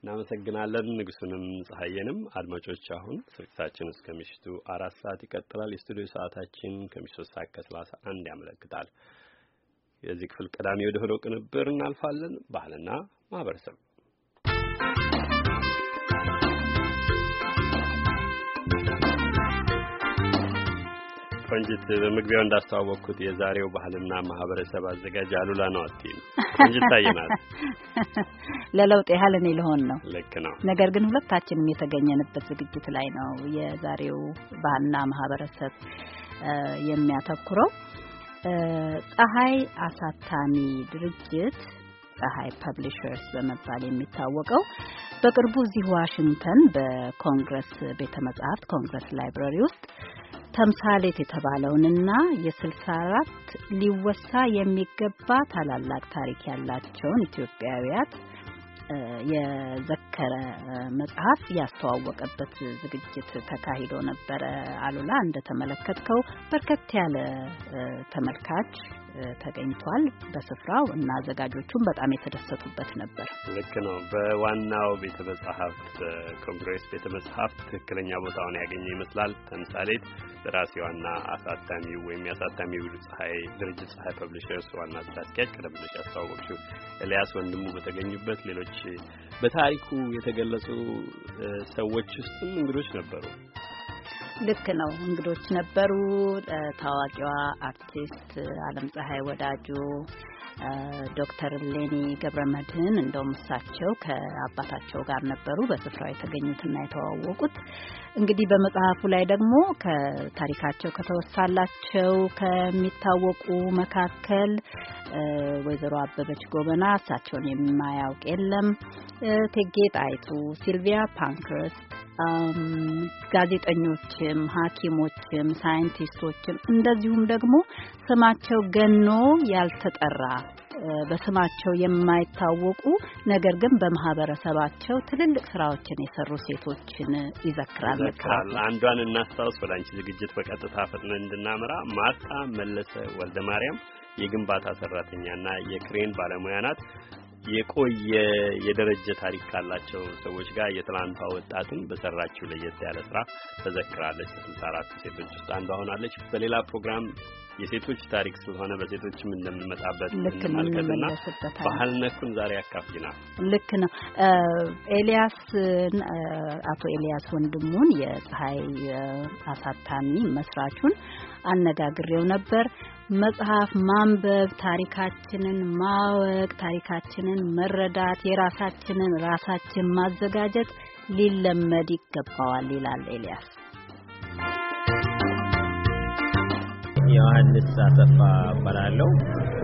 እናመሰግናለን ንጉሱንም ፀሐዬንም። አድማጮች አሁን ስርጭታችን እስከ ምሽቱ አራት ሰዓት ይቀጥላል። የስቱዲዮ ሰዓታችን ከምሽቱ ሶስት ሰዓት ከሰላሳ አንድ ያመለክታል። የዚህ ክፍል ቀዳሚ ወደ ሆነው ቅንብር እናልፋለን። ባህልና ማህበረሰብ ቆንጅት፣ በመግቢያው እንዳስተዋወቅኩት የዛሬው ባህልና ማህበረሰብ አዘጋጅ አሉላ ነው። አቲ ቆንጅት ታየናል። *laughs* ለለውጥ ያህል እኔ ልሆን ነው። ልክ ነው። ነገር ግን ሁለታችንም የተገኘንበት ዝግጅት ላይ ነው የዛሬው ባህልና ማህበረሰብ የሚያተኩረው። ፀሐይ አሳታሚ ድርጅት ፀሐይ ፐብሊሸርስ በመባል የሚታወቀው በቅርቡ እዚህ ዋሽንግተን በኮንግረስ ቤተ መጻሕፍት ኮንግረስ ላይብረሪ ውስጥ ተምሳሌት የተባለውንና የ64 ሊወሳ የሚገባ ታላላቅ ታሪክ ያላቸውን ኢትዮጵያውያት የዘከረ መጽሐፍ ያስተዋወቀበት ዝግጅት ተካሂዶ ነበረ። አሉላ እንደተመለከትከው በርከት ያለ ተመልካች ተገኝቷል በስፍራው እና አዘጋጆቹም በጣም የተደሰቱበት ነበር። ልክ ነው። በዋናው ቤተ መጽሐፍት ኮንግሬስ ቤተ መጽሐፍት ትክክለኛ ቦታውን ያገኘ ይመስላል። ተምሳሌት ደራሲዋና አሳታሚው ወይም የአሳታሚው ፀሐይ ድርጅት ፀሐይ ፐብሊሸርስ ዋና ስራ አስኪያጅ ቀደም ብለሽ ያስተዋወቅሽው ኤልያስ ወንድሙ በተገኙበት ሌሎች በታሪኩ የተገለጹ ሰዎች ውስጥም እንግዶች ነበሩ። ልክ ነው። እንግዶች ነበሩ። ታዋቂዋ አርቲስት አለም ፀሐይ ወዳጆ፣ ዶክተር ሌኒ ገብረ መድህን እንደውም እሳቸው ከአባታቸው ጋር ነበሩ በስፍራው የተገኙትና የተዋወቁት። እንግዲህ በመጽሐፉ ላይ ደግሞ ከታሪካቸው ከተወሳላቸው ከሚታወቁ መካከል ወይዘሮ አበበች ጎበና፣ እሳቸውን የማያውቅ የለም፣ እቴጌ ጣይቱ፣ ሲልቪያ ፓንክረስት ጋዜጠኞችም፣ ሐኪሞችም፣ ሳይንቲስቶችም እንደዚሁም ደግሞ ስማቸው ገኖ ያልተጠራ በስማቸው የማይታወቁ ነገር ግን በማህበረሰባቸው ትልልቅ ስራዎችን የሰሩ ሴቶችን ይዘክራል። አንዷን እናስታውስ። ወደ አንቺ ዝግጅት በቀጥታ ፍጥነ እንድናመራ ማርታ መለሰ ወልደ ማርያም የግንባታ ሰራተኛና የክሬን ባለሙያ ናት። የቆየ የደረጀ ታሪክ ካላቸው ሰዎች ጋር የትላንቷ ወጣትን በሰራችው ለየት ያለ ስራ ተዘክራለች። ከስልሳ ሴቶች ውስጥ አንዷ ሆናለች። በሌላ ፕሮግራም የሴቶች ታሪክ ስለሆነ በሴቶችም እንደምንመጣበት እንመልከትና ባህል ነኩን ዛሬ ያካፍልና ልክ ነው። ኤልያስ አቶ ኤልያስ ወንድሙን የፀሐይ አሳታሚ መስራቹን አነጋግሬው ነበር። መጽሐፍ ማንበብ፣ ታሪካችንን ማወቅ፣ ታሪካችንን መረዳት፣ የራሳችንን ራሳችን ማዘጋጀት ሊለመድ ይገባዋል ይላል ኤልያስ። ዮሐንስ አሰፋ እባላለሁ።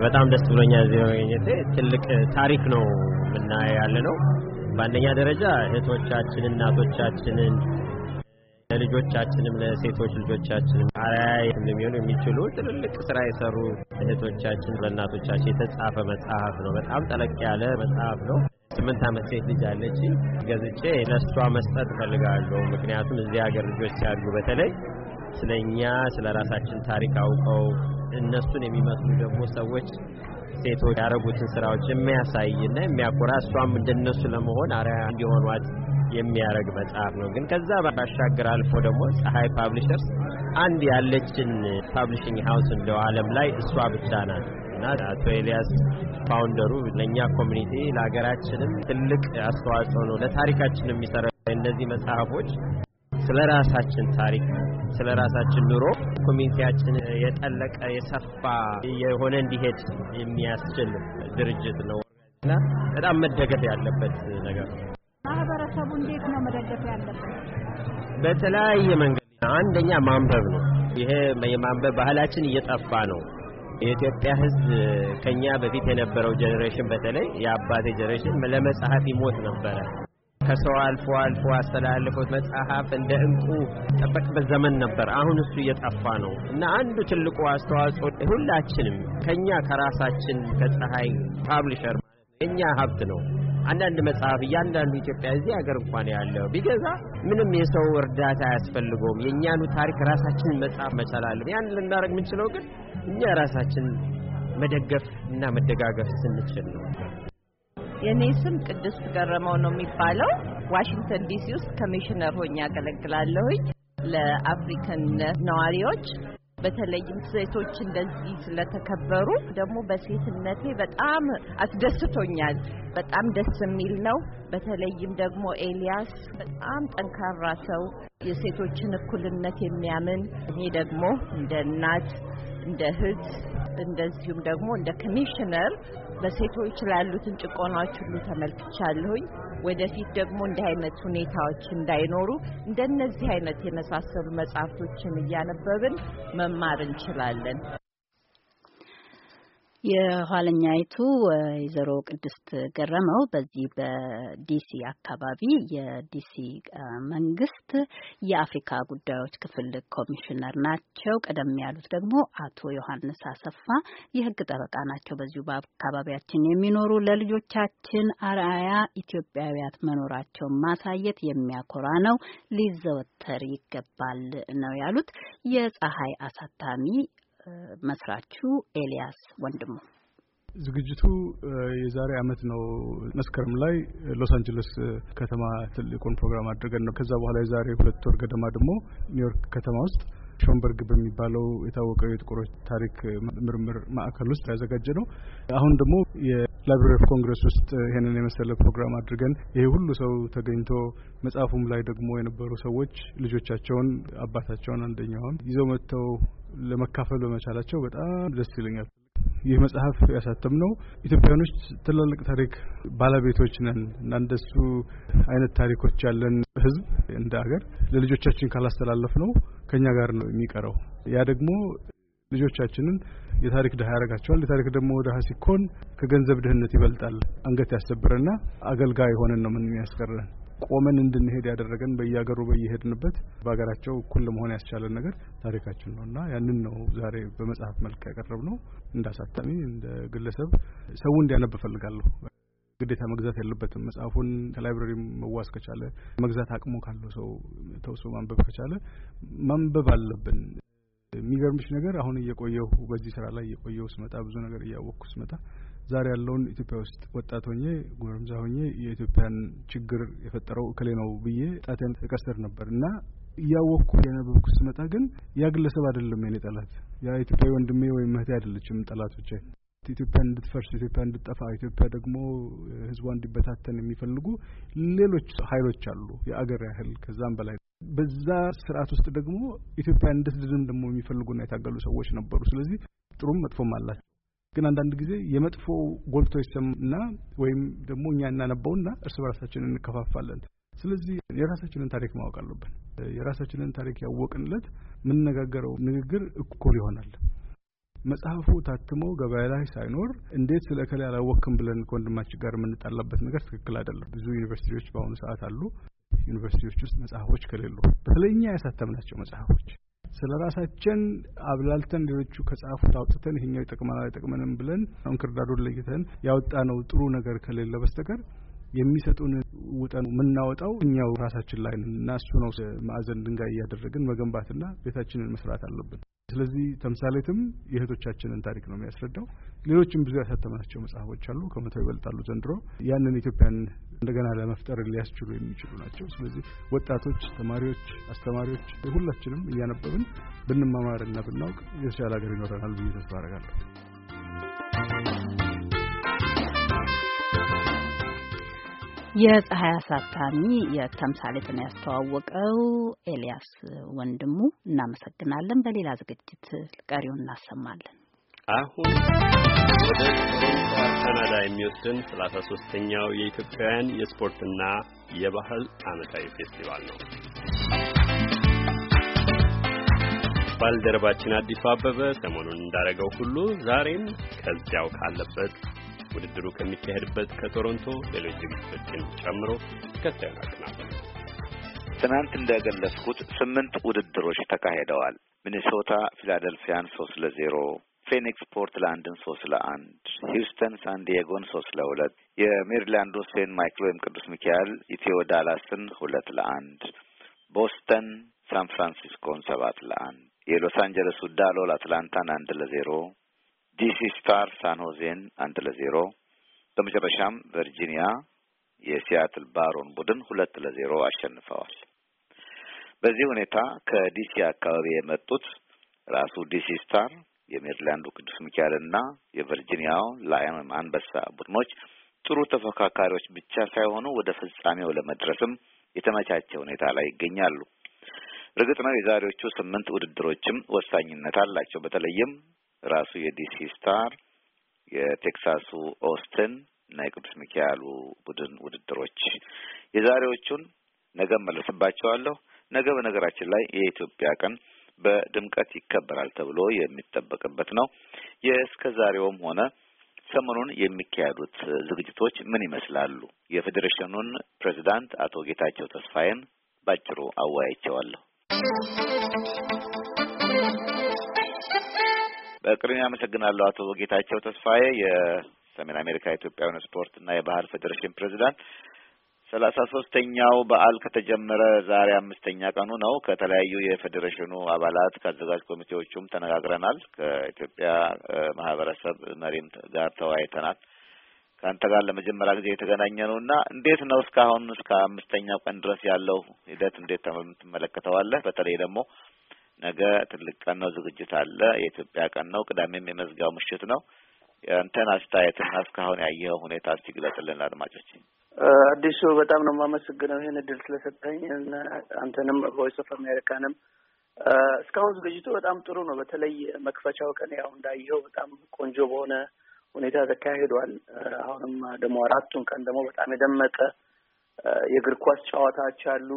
በጣም ደስ ብሎኛል እዚህ መገኘቴ። ትልቅ ታሪክ ነው የምናየው ያለ ነው። በአንደኛ ደረጃ እህቶቻችንን፣ እናቶቻችንን ለልጆቻችንም ለሴቶች ልጆቻችንም አርአያ እንደሚሆኑ የሚችሉ ትልልቅ ስራ የሰሩ እህቶቻችን ለእናቶቻችን የተጻፈ መጽሐፍ ነው። በጣም ጠለቅ ያለ መጽሐፍ ነው። ስምንት ዓመት ሴት ልጅ አለች ገዝቼ ለእሷ መስጠት እፈልጋለሁ። ምክንያቱም እዚህ ሀገር ልጆች ሲያድጉ በተለይ ስለኛ ስለ ራሳችን ታሪክ አውቀው እነሱን የሚመስሉ ደግሞ ሰዎች ሴቶች ያደረጉትን ስራዎች የሚያሳይ እና የሚያኮራ እሷም እንደነሱ ለመሆን አርአያ እንዲሆኗት የሚያደርግ መጽሐፍ ነው። ግን ከዛ ባሻገር አልፎ ደግሞ ፀሐይ ፓብሊሸርስ አንድ ያለችን ፓብሊሽንግ ሀውስ እንደው ዓለም ላይ እሷ ብቻ ናት እና አቶ ኤልያስ ፋውንደሩ ለእኛ ኮሚኒቲ ለሀገራችንም ትልቅ አስተዋጽኦ ነው፣ ለታሪካችን የሚሰራ እነዚህ መጽሐፎች ስለ ራሳችን ታሪክ፣ ስለ ራሳችን ኑሮ ኮሚኒቲያችን የጠለቀ የሰፋ የሆነ እንዲሄድ የሚያስችል ድርጅት ነው እና በጣም መደገፍ ያለበት ነገር ነው። ማህበረሰቡ እንዴት ነው መደገፍ ያለበት? በተለያየ መንገድ አንደኛ ማንበብ ነው። ይሄ የማንበብ ባህላችን እየጠፋ ነው። የኢትዮጵያ ሕዝብ ከኛ በፊት የነበረው ጀኔሬሽን በተለይ የአባቴ ጀኔሬሽን ለመጽሐፍ ይሞት ነበረ። ከሰው አልፎ አልፎ አስተላልፎት መጽሐፍ እንደ እንቁ ጠበቅበት ዘመን ነበር። አሁን እሱ እየጠፋ ነው እና አንዱ ትልቁ አስተዋጽኦ ሁላችንም ከኛ ከራሳችን ከፀሐይ ፓብሊሸር የኛ ሀብት ነው። አንዳንድ መጽሐፍ እያንዳንዱ ኢትዮጵያ እዚህ ሀገር እንኳን ያለው ቢገዛ ምንም የሰው እርዳታ አያስፈልገውም። የእኛኑ ታሪክ ራሳችንን መጽሐፍ መቻል አለን። ያን ልናደርግ የምንችለው ግን እኛ ራሳችን መደገፍ እና መደጋገፍ ስንችል ነው። የእኔ ስም ቅድስት ገረመው ነው የሚባለው። ዋሽንግተን ዲሲ ውስጥ ኮሚሽነር ሆኜ አገለግላለሁኝ ለአፍሪካን ነዋሪዎች በተለይም ሴቶች እንደዚህ ስለተከበሩ ደግሞ በሴትነቴ በጣም አስደስቶኛል። በጣም ደስ የሚል ነው። በተለይም ደግሞ ኤልያስ በጣም ጠንካራ ሰው፣ የሴቶችን እኩልነት የሚያምን እኔ ደግሞ እንደ እናት እንደ እህት እንደዚሁም ደግሞ እንደ ኮሚሽነር በሴቶች ላሉትን ጭቆናዎች ሁሉ ተመልክቻለሁኝ። ወደፊት ደግሞ እንዲህ አይነት ሁኔታዎች እንዳይኖሩ እንደነዚህ አይነት የመሳሰሉ መጽሐፍቶችን እያነበብን መማር እንችላለን። የኋለኛይቱ ወይዘሮ ቅድስት ገረመው በዚህ በዲሲ አካባቢ የዲሲ መንግስት የአፍሪካ ጉዳዮች ክፍል ኮሚሽነር ናቸው። ቀደም ያሉት ደግሞ አቶ ዮሐንስ አሰፋ የህግ ጠበቃ ናቸው። በዚሁ በአካባቢያችን የሚኖሩ ለልጆቻችን አርአያ ኢትዮጵያውያት መኖራቸውን ማሳየት የሚያኮራ ነው፣ ሊዘወተር ይገባል ነው ያሉት። የፀሐይ አሳታሚ መስራቹ ኤልያስ ወንድሙ። ዝግጅቱ የዛሬ አመት ነው መስከረም ላይ ሎስ አንጀለስ ከተማ ትልቁን ፕሮግራም አድርገን ነው። ከዛ በኋላ የዛሬ ሁለት ወር ገደማ ደግሞ ኒውዮርክ ከተማ ውስጥ ሾንበርግ በሚባለው የታወቀው የጥቁሮች ታሪክ ምርምር ማዕከል ውስጥ ያዘጋጀ ነው። አሁን ደግሞ የላይብራሪ ኦፍ ኮንግረስ ውስጥ ይህንን የመሰለ ፕሮግራም አድርገን ይሄ ሁሉ ሰው ተገኝቶ መጽሐፉም ላይ ደግሞ የነበሩ ሰዎች ልጆቻቸውን፣ አባታቸውን አንደኛውን ይዘው መጥተው ለመካፈል በመቻላቸው በጣም ደስ ይለኛል። ይህ መጽሐፍ ያሳተም ነው ኢትዮጵያኖች ትላልቅ ታሪክ ባለቤቶች ነን እና እንደሱ አይነት ታሪኮች ያለን ህዝብ እንደ ሀገር ለልጆቻችን ካላስተላለፍ ነው ከኛ ጋር ነው የሚቀረው። ያ ደግሞ ልጆቻችንን የታሪክ ድሀ ያደርጋቸዋል። የታሪክ ደግሞ ድሀ ሲኮን ከገንዘብ ድህነት ይበልጣል። አንገት ያሰብርና አገልጋይ የሆነን ነው ምን ያስቀረን። ቆመን እንድንሄድ ያደረገን በየሀገሩ በየሄድንበት በሀገራቸው እኩል ለመሆን ያስቻለን ነገር ታሪካችን ነው እና ያንን ነው ዛሬ በመጽሐፍ መልክ ያቀረብ ነው። እንደ አሳታሚ እንደ ግለሰብ ሰው እንዲያነብ እፈልጋለሁ። ግዴታ መግዛት ያለበትም መጽሐፉን ከላይብረሪ መዋስ ከቻለ መግዛት አቅሙ ካለው ሰው ተውሶ ማንበብ ከቻለ ማንበብ አለብን። የሚገርምሽ ነገር አሁን እየቆየሁ በዚህ ስራ ላይ እየቆየሁ ስመጣ ብዙ ነገር እያወቅኩ ስመጣ ዛሬ ያለውን ኢትዮጵያ ውስጥ ወጣት ሆኜ ጎረምዛ ሆኜ የኢትዮጵያን ችግር የፈጠረው እክሌ ነው ብዬ ጣቴን እቀስር ነበር እና እያወቅኩ የነበብኩ ስመጣ ግን ያ ግለሰብ አይደለም የኔ ጠላት፣ ያ ኢትዮጵያዊ ወንድሜ ወይም እህቴ አይደለችም ጠላት ብቻ ኢትዮጵያ እንድትፈርስ፣ ኢትዮጵያ እንድትጠፋ፣ ኢትዮጵያ ደግሞ ህዝቧ እንዲበታተን የሚፈልጉ ሌሎች ሀይሎች አሉ፣ የአገር ያህል ከዛም በላይ። በዛ ስርዓት ውስጥ ደግሞ ኢትዮጵያ እንድትድንም ደግሞ የሚፈልጉና የታገሉ ሰዎች ነበሩ። ስለዚህ ጥሩም መጥፎም አላቸው። ግን አንዳንድ ጊዜ የመጥፎ ጎልቶ ይሰማና ወይም ደግሞ እኛ እናነባውና እርስ በራሳችን እንከፋፋለን። ስለዚህ የራሳችንን ታሪክ ማወቅ አለብን። የራሳችንን ታሪክ ያወቅንለት የምንነጋገረው ንግግር እኩል ይሆናል። መጽሐፉ ታትሞ ገበያ ላይ ሳይኖር እንዴት ስለ እከሌ አላወቅም ብለን ከወንድማችን ጋር የምንጣላበት ነገር ትክክል አይደለም። ብዙ ዩኒቨርሲቲዎች በአሁኑ ሰዓት አሉ። ዩኒቨርሲቲዎች ውስጥ መጽሐፎች ከሌሉ በተለይ እኛ ያሳተምናቸው መጽሐፎች ስለ ራሳችን አብላልተን ሌሎቹ ከጻፉት አውጥተን ይሄኛው ይጠቅመናል አይጠቅመንም ብለን እንክርዳዱን ለይተን ነው ጥሩ ነገር ከሌለ በስተቀር የሚሰጡን ውጠን የምናወጣው እኛው ራሳችን ላይ እና እሱ ነው ማዕዘን ድንጋይ እያደረግን መገንባትና ቤታችንን መስራት አለብን። ስለዚህ ተምሳሌትም የእህቶቻችንን ታሪክ ነው የሚያስረዳው። ሌሎችም ብዙ ያሳተምናቸው መጽሐፎች አሉ፣ ከመቶ ይበልጣሉ ዘንድሮ። ያንን ኢትዮጵያን እንደገና ለመፍጠር ሊያስችሉ የሚችሉ ናቸው። ስለዚህ ወጣቶች፣ ተማሪዎች፣ አስተማሪዎች ሁላችንም እያነበብን ብንማማርና ብናውቅ የተሻለ ሀገር ይኖረናል ብዬ ተስፋ አደርጋለሁ። የፀሐይ አሳታሚ የተምሳሌትን ያስተዋወቀው ኤልያስ ወንድሙ እናመሰግናለን። በሌላ ዝግጅት ቀሪውን እናሰማለን። አሁን ወደ ካናዳ የሚወስድን ሰላሳ ሶስተኛው የኢትዮጵያውያን የስፖርትና የባህል ዓመታዊ ፌስቲቫል ነው። ባልደረባችን አዲሱ አበበ ሰሞኑን እንዳደረገው ሁሉ ዛሬም ከዚያው ካለበት ውድድሩ ከሚካሄድበት ከቶሮንቶ ሌሎች ዝግጅቶችን ጨምሮ ተከታዩን ትናንት እንደገለጽኩት ስምንት ውድድሮች ተካሂደዋል። ሚኒሶታ ፊላደልፊያን ሶስት ለዜሮ ፌኒክስ ፖርትላንድን ሶስት ለአንድ፣ ሂውስተን ሳንዲየጎን ሶስት ለሁለት፣ የሜሪላንዱ ሴንት ማይክል ወይም ቅዱስ ሚካኤል ኢትዮ ዳላስን ሁለት ለአንድ፣ ቦስተን ሳን ፍራንሲስኮን ሰባት ለአንድ፣ የሎስ አንጀለሱ ዳሎል አትላንታን አንድ ለዜሮ፣ ዲሲ ስታር ሳን ሆዜን አንድ ለዜሮ፣ በመጨረሻም ቨርጂኒያ የሲያትል ባሮን ቡድን ሁለት ለዜሮ አሸንፈዋል። በዚህ ሁኔታ ከዲሲ አካባቢ የመጡት ራሱ ዲሲ ስታር የሜሪላንዱ ቅዱስ ሚካኤል እና የቨርጂኒያው ላየን አንበሳ ቡድኖች ጥሩ ተፎካካሪዎች ብቻ ሳይሆኑ ወደ ፍጻሜው ለመድረስም የተመቻቸ ሁኔታ ላይ ይገኛሉ። እርግጥ ነው የዛሬዎቹ ስምንት ውድድሮችም ወሳኝነት አላቸው። በተለይም ራሱ የዲሲ ስታር፣ የቴክሳሱ ኦስትን እና የቅዱስ ሚካኤሉ ቡድን ውድድሮች የዛሬዎቹን ነገ መለስባቸዋለሁ። ነገ በነገራችን ላይ የኢትዮጵያ ቀን በድምቀት ይከበራል ተብሎ የሚጠበቅበት ነው። የእስከ ዛሬውም ሆነ ሰሞኑን የሚካሄዱት ዝግጅቶች ምን ይመስላሉ? የፌዴሬሽኑን ፕሬዚዳንት አቶ ጌታቸው ተስፋዬን ባጭሩ አወያይቸዋለሁ። በቅድሚያ አመሰግናለሁ አቶ ጌታቸው ተስፋዬ የሰሜን አሜሪካ ኢትዮጵያውያን እና የባህል ፌዴሬሽን ፕሬዚዳንት። ሰላሳ ሶስተኛው በዓል ከተጀመረ ዛሬ አምስተኛ ቀኑ ነው። ከተለያዩ የፌዴሬሽኑ አባላት ከአዘጋጅ ኮሚቴዎቹም ተነጋግረናል። ከኢትዮጵያ ማህበረሰብ መሪም ጋር ተወያይተናል። ከአንተ ጋር ለመጀመሪያ ጊዜ የተገናኘ ነው እና እንዴት ነው እስካሁን እስከ አምስተኛው ቀን ድረስ ያለው ሂደት እንዴት ትመለከተዋለህ? በተለይ ደግሞ ነገ ትልቅ ቀን ነው፣ ዝግጅት አለ፣ የኢትዮጵያ ቀን ነው፣ ቅዳሜም የመዝጊያው ምሽት ነው። የአንተን አስተያየትና እስካሁን ያየኸው ሁኔታ እስቲ ግለጽልን አድማጮች። አዲሱ በጣም ነው የማመሰግነው ይህን እድል ስለሰጠኝ አንተንም ቮይስ ኦፍ አሜሪካንም። እስካሁን ዝግጅቱ በጣም ጥሩ ነው። በተለይ መክፈቻው ቀን ያው እንዳየው በጣም ቆንጆ በሆነ ሁኔታ ተካሂዷል። አሁንም ደግሞ አራቱን ቀን ደግሞ በጣም የደመቀ የእግር ኳስ ጨዋታዎች አሉ።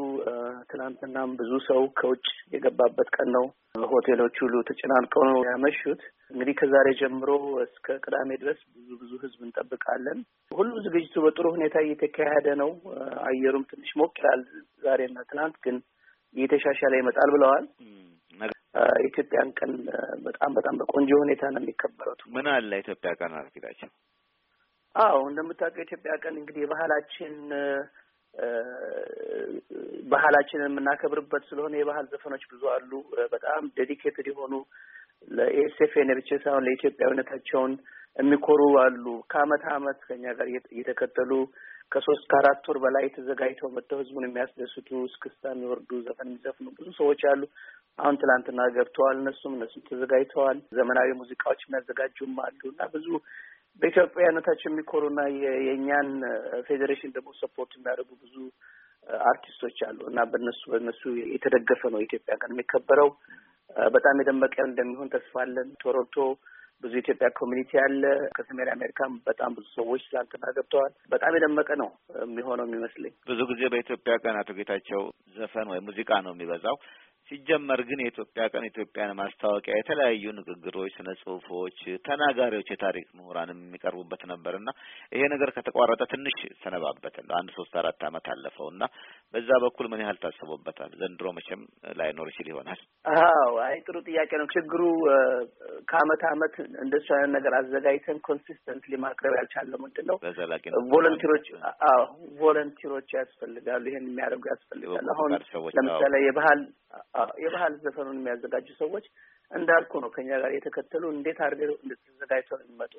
ትናንትናም ብዙ ሰው ከውጭ የገባበት ቀን ነው። ሆቴሎች ሁሉ ተጨናንቀው ነው ያመሹት። እንግዲህ ከዛሬ ጀምሮ እስከ ቅዳሜ ድረስ ብዙ ብዙ ህዝብ እንጠብቃለን። ሁሉ ዝግጅቱ በጥሩ ሁኔታ እየተካሄደ ነው። አየሩም ትንሽ ሞቅ ይላል ዛሬና ትናንት ግን እየተሻሻለ ይመጣል ብለዋል። ኢትዮጵያን ቀን በጣም በጣም በቆንጆ ሁኔታ ነው የሚከበረቱ። ምን አለ ኢትዮጵያ ቀን አርፊዳቸው? አዎ እንደምታውቀው ኢትዮጵያ ቀን እንግዲህ የባህላችን ባህላችንን የምናከብርበት ስለሆነ የባህል ዘፈኖች ብዙ አሉ። በጣም ዴዲኬትድ የሆኑ ለኤስኤፍኤን ብቻ ሳይሆን ለኢትዮጵያዊነታቸውን የሚኮሩ አሉ። ከአመት አመት ከኛ ጋር እየተከተሉ ከሶስት ከአራት ወር በላይ ተዘጋጅተው መጥተው ህዝቡን የሚያስደስቱ እስክስታ የሚወርዱ ዘፈን የሚዘፍኑ ብዙ ሰዎች አሉ። አሁን ትላንትና ገብተዋል። እነሱም እነሱም ተዘጋጅተዋል። ዘመናዊ ሙዚቃዎች የሚያዘጋጁም አሉ እና ብዙ በኢትዮጵያዊነታቸው የሚኮሩና የእኛን ፌዴሬሽን ደግሞ ሰፖርት የሚያደርጉ ብዙ አርቲስቶች አሉ እና በነሱ በነሱ የተደገፈ ነው የኢትዮጵያ ቀን የሚከበረው። በጣም የደመቀ እንደሚሆን ተስፋ አለን። ቶሮንቶ ብዙ የኢትዮጵያ ኮሚኒቲ አለ። ከሰሜን አሜሪካም በጣም ብዙ ሰዎች ትላንትና ገብተዋል። በጣም የደመቀ ነው የሚሆነው የሚመስለኝ። ብዙ ጊዜ በኢትዮጵያ ቀን አቶ ጌታቸው ዘፈን ወይም ሙዚቃ ነው የሚበዛው። ሲጀመር ግን የኢትዮጵያ ቀን ኢትዮጵያን ማስታወቂያ የተለያዩ ንግግሮች፣ ስነ ጽሁፎች፣ ተናጋሪዎች፣ የታሪክ ምሁራንም የሚቀርቡበት ነበር እና ይሄ ነገር ከተቋረጠ ትንሽ ሰነባበት አንድ ሶስት አራት ዓመት አለፈው እና በዛ በኩል ምን ያህል ታስቦበታል? ዘንድሮ መቼም ላይኖር ይችል ይሆናል። አዎ፣ አይ ጥሩ ጥያቄ ነው። ችግሩ ከአመት አመት እንደሱ አይነት ነገር አዘጋጅተን ኮንሲስተንትሊ ማቅረብ ያልቻለ ምንድን ነው በዘላቂ ቮለንቲሮች፣ አዎ ቮለንቲሮች ያስፈልጋሉ። ይሄን የሚያደርጉ ያስፈልጋሉ። አሁን ለምሳሌ የባህል የባህል ዘፈኑን የሚያዘጋጁ ሰዎች እንዳልኩ ነው ከኛ ጋር የተከተሉ እንዴት አድርገው እንደተዘጋጅተው የሚመጡ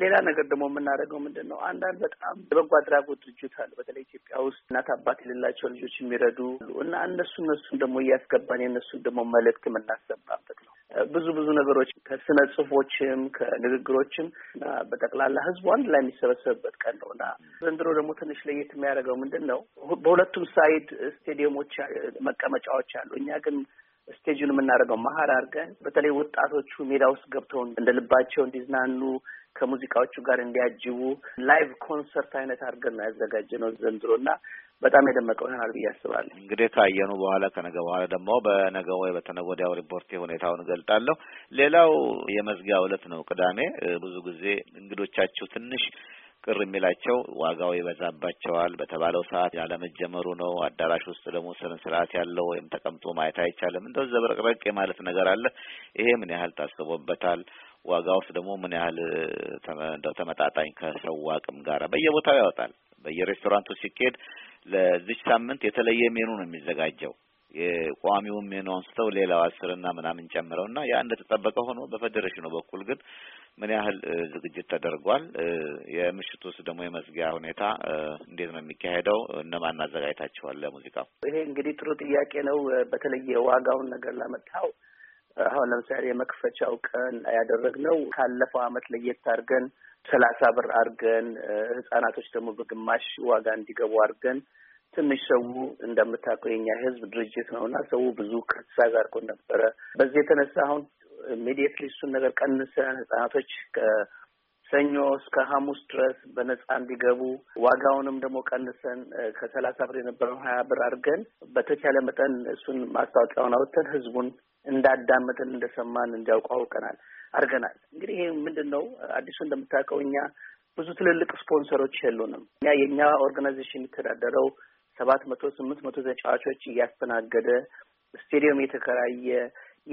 ሌላ ነገር ደግሞ የምናደርገው ምንድን ነው? አንዳንድ በጣም የበጎ አድራጎት ድርጅት አሉ። በተለይ ኢትዮጵያ ውስጥ እናት አባት የሌላቸው ልጆች የሚረዱ እና እነሱ እነሱን ደግሞ እያስገባን የእነሱን ደግሞ መልእክት የምናሰባበት ነው። ብዙ ብዙ ነገሮች ከስነ ጽሁፎችም ከንግግሮችም እና በጠቅላላ ህዝቡ አንድ ላይ የሚሰበሰብበት ቀን ነው እና ዘንድሮ ደግሞ ትንሽ ለየት የሚያደርገው ምንድን ነው? በሁለቱም ሳይድ ስቴዲየሞች መቀመጫዎች አሉ። እኛ ግን ስቴጁን የምናደርገው መሀል አድርገን በተለይ ወጣቶቹ ሜዳ ውስጥ ገብተውን እንደ ልባቸው እንዲዝናኑ ከሙዚቃዎቹ ጋር እንዲያጅቡ ላይቭ ኮንሰርት አይነት አድርገን ነው ያዘጋጀነው ዘንድሮ እና በጣም የደመቀው ይሆናል ብዬ አስባለሁ። እንግዲህ ካየኑ በኋላ ከነገ በኋላ ደግሞ በነገ ወይ በተነገ ወዲያው ሪፖርቴ ሁኔታውን እገልጣለሁ። ሌላው የመዝጊያ ዕለት ነው ቅዳሜ። ብዙ ጊዜ እንግዶቻችሁ ትንሽ ቅር የሚላቸው ዋጋው ይበዛባቸዋል፣ በተባለው ሰዓት ያለመጀመሩ ነው። አዳራሽ ውስጥ ደግሞ ስነ ስርዓት ያለው ወይም ተቀምጦ ማየት አይቻልም። እንደው ዘብረቅረቅ የማለት ነገር አለ። ይሄ ምን ያህል ታስቦበታል? ዋጋ ውስጥ ደግሞ ምን ያህል ተመጣጣኝ ከሰው አቅም ጋር በየቦታው ያወጣል። በየሬስቶራንቱ ሲኬድ ለዚች ሳምንት የተለየ ሜኑ ነው የሚዘጋጀው። የቋሚውን ሜኑ አንስተው ሌላው አስርና ምናምን ጨምረው እና ያ እንደተጠበቀ ሆኖ በፌዴሬሽኑ በኩል ግን ምን ያህል ዝግጅት ተደርጓል? የምሽቱ ውስጥ ደግሞ የመዝጊያ ሁኔታ እንዴት ነው የሚካሄደው? እነማን አዘጋጅታችኋል? ለሙዚቃው ይሄ እንግዲህ ጥሩ ጥያቄ ነው። በተለየ ዋጋውን ነገር ላመጣው አሁን ለምሳሌ የመክፈቻው ቀን ያደረግነው ካለፈው አመት ለየት አድርገን ሰላሳ ብር አድርገን ህጻናቶች ደግሞ በግማሽ ዋጋ እንዲገቡ አድርገን ትንሽ ሰው እንደምታውቀው የኛ ህዝብ ድርጅት ነው እና ሰው ብዙ ክትሳዝ አድርጎ ነበረ። በዚህ የተነሳ አሁን ኢሚዲየትሊ እሱን ነገር ቀንሰን ህጻናቶች ከሰኞ እስከ ሐሙስ ድረስ በነጻ እንዲገቡ ዋጋውንም ደግሞ ቀንሰን ከሰላሳ ብር የነበረው ሀያ ብር አድርገን በተቻለ መጠን እሱን ማስታወቂያውን አውጥተን ህዝቡን እንዳዳመጥን እንደሰማን እንዲያውቁ አውቀናል አድርገናል። እንግዲህ ይህ ምንድን ነው አዲሱ እንደምታውቀው እኛ ብዙ ትልልቅ ስፖንሰሮች የሉንም። እኛ የእኛ ኦርጋናይዜሽን የሚተዳደረው ሰባት መቶ ስምንት መቶ ተጫዋቾች እያስተናገደ ስቴዲየም የተከራየ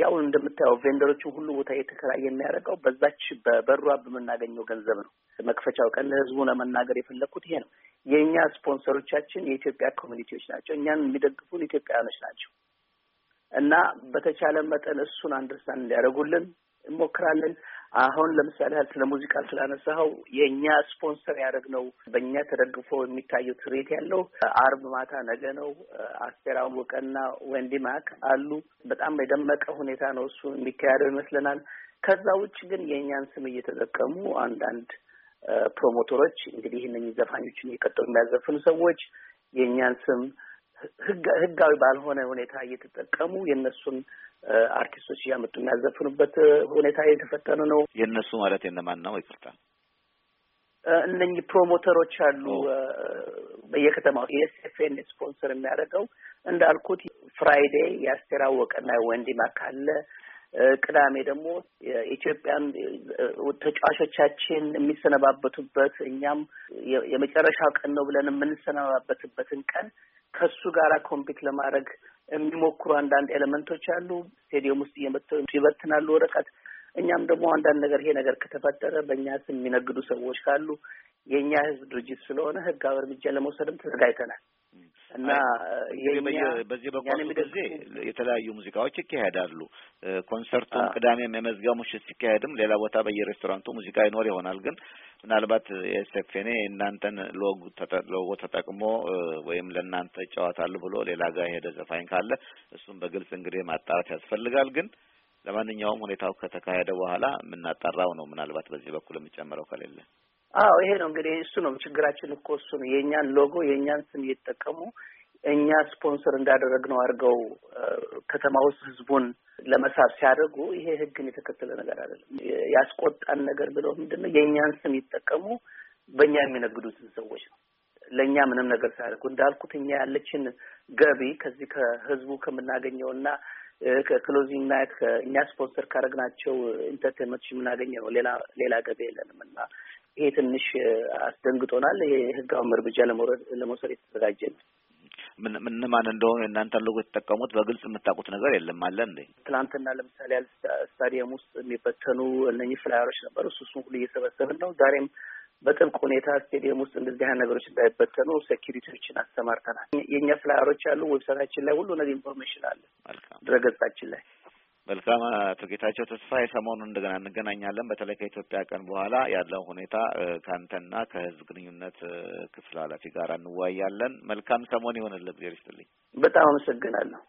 ያው እንደምታየው ቬንደሮችን ሁሉ ቦታ የተከራየ የሚያደርገው በዛች በበሯ በምናገኘው ገንዘብ ነው። መክፈቻው ቀን ለህዝቡ ለመናገር የፈለግኩት ይሄ ነው። የእኛ ስፖንሰሮቻችን የኢትዮጵያ ኮሚኒቲዎች ናቸው። እኛን የሚደግፉን ኢትዮጵያውያኖች ናቸው። እና በተቻለ መጠን እሱን አንደርስታንድ እንዲያደርጉልን እንሞክራለን። አሁን ለምሳሌ ያህል ስለ ሙዚቃ ስላነሳኸው የእኛ ስፖንሰር ያደረግ ነው። በእኛ ተደግፎ የሚታየው ትርኢት ያለው አርብ ማታ ነገ ነው። አስቴር አወቀና ወንዲ ማክ አሉ። በጣም የደመቀ ሁኔታ ነው እሱ የሚካሄደው ይመስለናል። ከዛ ውጭ ግን የእኛን ስም እየተጠቀሙ አንዳንድ ፕሮሞተሮች እንግዲህ ይህንን ዘፋኞችን እየቀጠሉ የሚያዘፍኑ ሰዎች የእኛን ስም ህጋዊ ባልሆነ ሁኔታ እየተጠቀሙ የእነሱን አርቲስቶች እያመጡ የሚያዘፍኑበት ሁኔታ እየተፈጠነ ነው። የእነሱ ማለት የነማን ነው? ይቅርታ እነኚህ ፕሮሞተሮች አሉ። በየከተማው የኤስኤፍኤን ስፖንሰር የሚያደርገው እንዳልኩት ፍራይዴ የአስቴር አወቀና ወንዲ ማካለ ቅዳሜ ደግሞ የኢትዮጵያን ተጫዋቾቻችን የሚሰነባበቱበት እኛም የመጨረሻው ቀን ነው ብለን የምንሰነባበትበትን ቀን ከሱ ጋር ኮምፒት ለማድረግ የሚሞክሩ አንዳንድ ኤሌመንቶች አሉ። ስቴዲየም ውስጥ እየመተው ይበትናሉ ወረቀት። እኛም ደግሞ አንዳንድ ነገር ይሄ ነገር ከተፈጠረ በእኛ ስም የሚነግዱ ሰዎች ካሉ የእኛ ሕዝብ ድርጅት ስለሆነ ሕጋዊ እርምጃ ለመውሰድም ተዘጋጅተናል። እና በዚህ በኮንሱ ጊዜ የተለያዩ ሙዚቃዎች ይካሄዳሉ። ኮንሰርቱም ቅዳሜም የመዝጊያ ምሽት ሲካሄድም ሌላ ቦታ በየሬስቶራንቱ ሙዚቃ ይኖር ይሆናል። ግን ምናልባት የሴፌኔ እናንተን ሎጎ ተጠቅሞ ወይም ለእናንተ ይጫወታሉ ብሎ ሌላ ጋር የሄደ ዘፋኝ ካለ እሱም በግልጽ እንግዲህ ማጣራት ያስፈልጋል ግን ለማንኛውም ሁኔታው ከተካሄደ በኋላ የምናጠራው ነው። ምናልባት በዚህ በኩል የምጨምረው ከሌለ አዎ ይሄ ነው እንግዲህ እሱ ነው ችግራችን እኮ እሱ ነው። የእኛን ሎጎ የእኛን ስም እየተጠቀሙ እኛ ስፖንሰር እንዳደረግነው አድርገው ከተማ ውስጥ ህዝቡን ለመሳብ ሲያደርጉ ይሄ ህግን የተከተለ ነገር አይደለም። ያስቆጣን ነገር ብለው ምንድን ነው የእኛን ስም ይጠቀሙ በእኛ የሚነግዱትን ሰዎች ነው ለእኛ ምንም ነገር ሳያደርጉ እንዳልኩት እኛ ያለችን ገቢ ከዚህ ከህዝቡ ከምናገኘው እና ከክሎዚንግ ናይት እኛ ስፖንሰር ካደረግናቸው ኢንተርቴንመንት የምናገኘው ነው። ሌላ ሌላ ገቢ የለንም እና ይሄ ትንሽ አስደንግጦናል። ይሄ ህጋዊ እርምጃ ለመውሰድ የተዘጋጀ ነው። ምን ማን እንደሆኑ የእናንተ አሎጎ የተጠቀሙት በግልጽ የምታውቁት ነገር የለም አለ እንዴ? ትናንትና ለምሳሌ ያል ስታዲየም ውስጥ የሚበተኑ እነኚህ ፍላየሮች ነበሩ። እሱ እሱን ሁሉ እየሰበሰብን ነው። ዛሬም በጥብቅ ሁኔታ ስቴዲየም ውስጥ እንደዚህ አይነት ነገሮች እንዳይበተኑ ሴኪሪቲዎችን አሰማርተናል። የእኛ ፍላየሮች አሉ። ዌብሳይታችን ላይ ሁሉ እነዚህ ኢንፎርሜሽን አለ ድረገጻችን ላይ መልካም አቶ ጌታቸው ተስፋ የሰሞኑን እንደገና እንገናኛለን። በተለይ ከኢትዮጵያ ቀን በኋላ ያለው ሁኔታ ከአንተና ከህዝብ ግንኙነት ክፍል ኃላፊ ጋር እንወያያለን። መልካም ሰሞን ይሆንልህ። እግዜር ይስጥልኝ። በጣም አመሰግናለሁ።